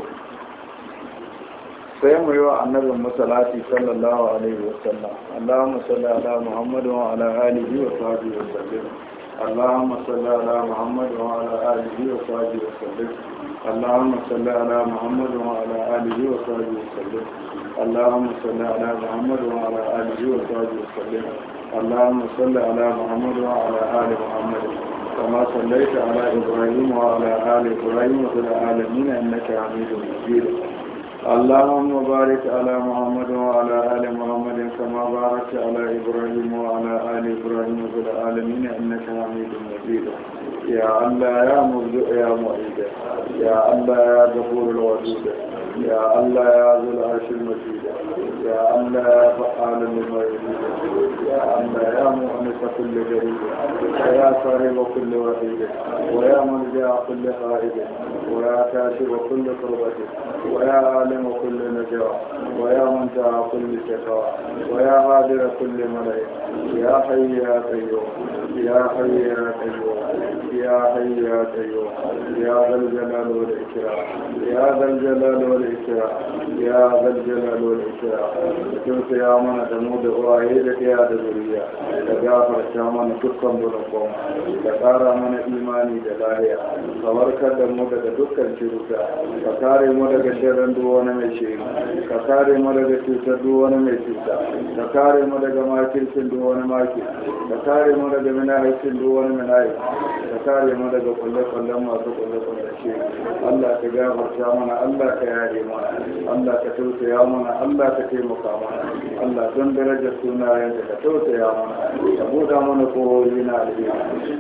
sai mu yi wa annabin masalati sallallahu alaihi wasallam allahumma salli ala muhammad wa ala alihi wa sahbihi wa sallam allahumma salli ala muhammad wa ala alihi wa sahbihi wa sallam اللهم صل على محمد وعلى آله وصحبه وسلم اللهم صل على محمد وعلى آله وصحبه وسلم اللهم صل على محمد وعلى آل محمد كما صليت على إبراهيم وعلى آل إبراهيم في العالمين إنك حميد مجيد اللهم بارك على محمد وعلى آل محمد كما باركت على إبراهيم وعلى آل إبراهيم في العالمين إنك حميد مجيد يا الله يا مرجع يا معيد يا الله يا غفور الودود يا الله يا ذو العرش المجيد يا الله يا يفعل لما يريد يا أما يا مؤنس كل جديد ويا صاحب كل وحيد ويا ملجا كل خائد ويا كاشف كل كربة ويا عالم كل نجاة ويا منتهى كل شكوى ويا غادر كل ملئ يا حي يا قيوم يا حي يا قيوم يا حي يا قيوم يا ذا الجلال والإكرام يا ذا الجلال والإكرام يا ذا الجلال والإكرام كنت يا من mana da mu da uwaye da ɗaya da zuriya da gafarta mana dukkan bulakon da ƙara mana imani da lahiya ka warkar da mu daga dukkan ciruta ka kare mu daga shirin duk mai shiri ka kare mu daga cutar duk mai cuta ka kare mu daga makircin duk wani makir ka kare mu daga minahicin duk wani minahi ka kare mu daga kulle-kullen masu kulle-kulle shi Allah ka gafarta mana Allah ka yare mana Allah ka tausaya mana Allah ka taimaka mana Allah don darajar sunayen da ka tausaya mana ka buɗa mana kohoyi na alheri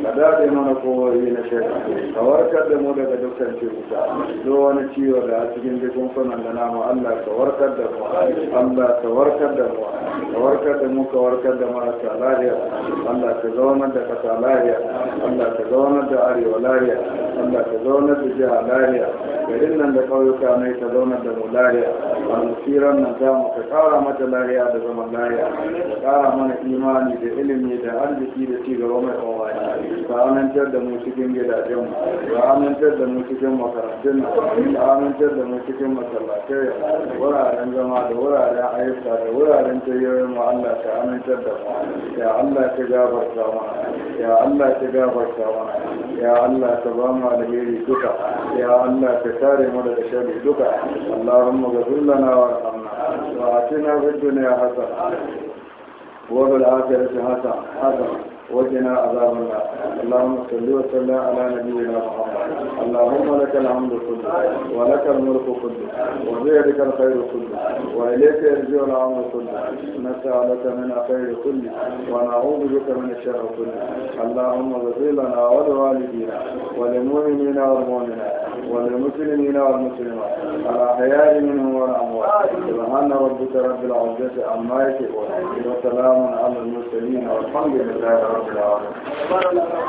ka daɗe mana kohoyi na shari'a ka warkar da mu daga dukkan cuta do wani ciwo da a cikin jikin kunan da namu Allah ka warkar da mu Allah ka warkar da mu ka warkar da mu ka warkar da marasa lahiya Allah ka zaunar da kasa lahiya Allah ka zaunar da arewa lahiya Allah ka zaunar da jiha lahiya garin nan da ƙauyuka ne ka zaunar da mu lahiya al-musiran nan za mu ka ƙara mata lahiya da zama mallaya da ƙara mana imani da ilimi da arziki da ci gaba mai kawai ka amintar da mu cikin gidajen ka amintar da mu cikin makarantun ka amintar da mu cikin masallatai wuraren zama da wuraren ayyuka da wuraren tayyoyin mu Allah ka amintar da mu ya Allah ka gabarta mana ya Allah ka gabarta mana ya Allah ka ba mu alheri duka ya Allah ka tare mu daga sharri duka اللهم اغفر لنا وارحمنا وآتنا في الدنيا حسنة ورب الآخرة حسنة وجنا عذاب النار اللهم صل وسلم على نبينا محمد اللهم لك الحمد كله ولك الملك كله وبيدك الخير كله واليك يرجع الامر كله نسالك من الخير كله ونعوذ بك من الشر كله اللهم اغفر لنا ولوالدينا وللمؤمنين والمؤمنات وللمسلمين والمسلمات الاحياء منهم والاموات سبحان ربك رب العزه عما يصفون وسلام على المرسلين والحمد لله رب ọ̀rọ̀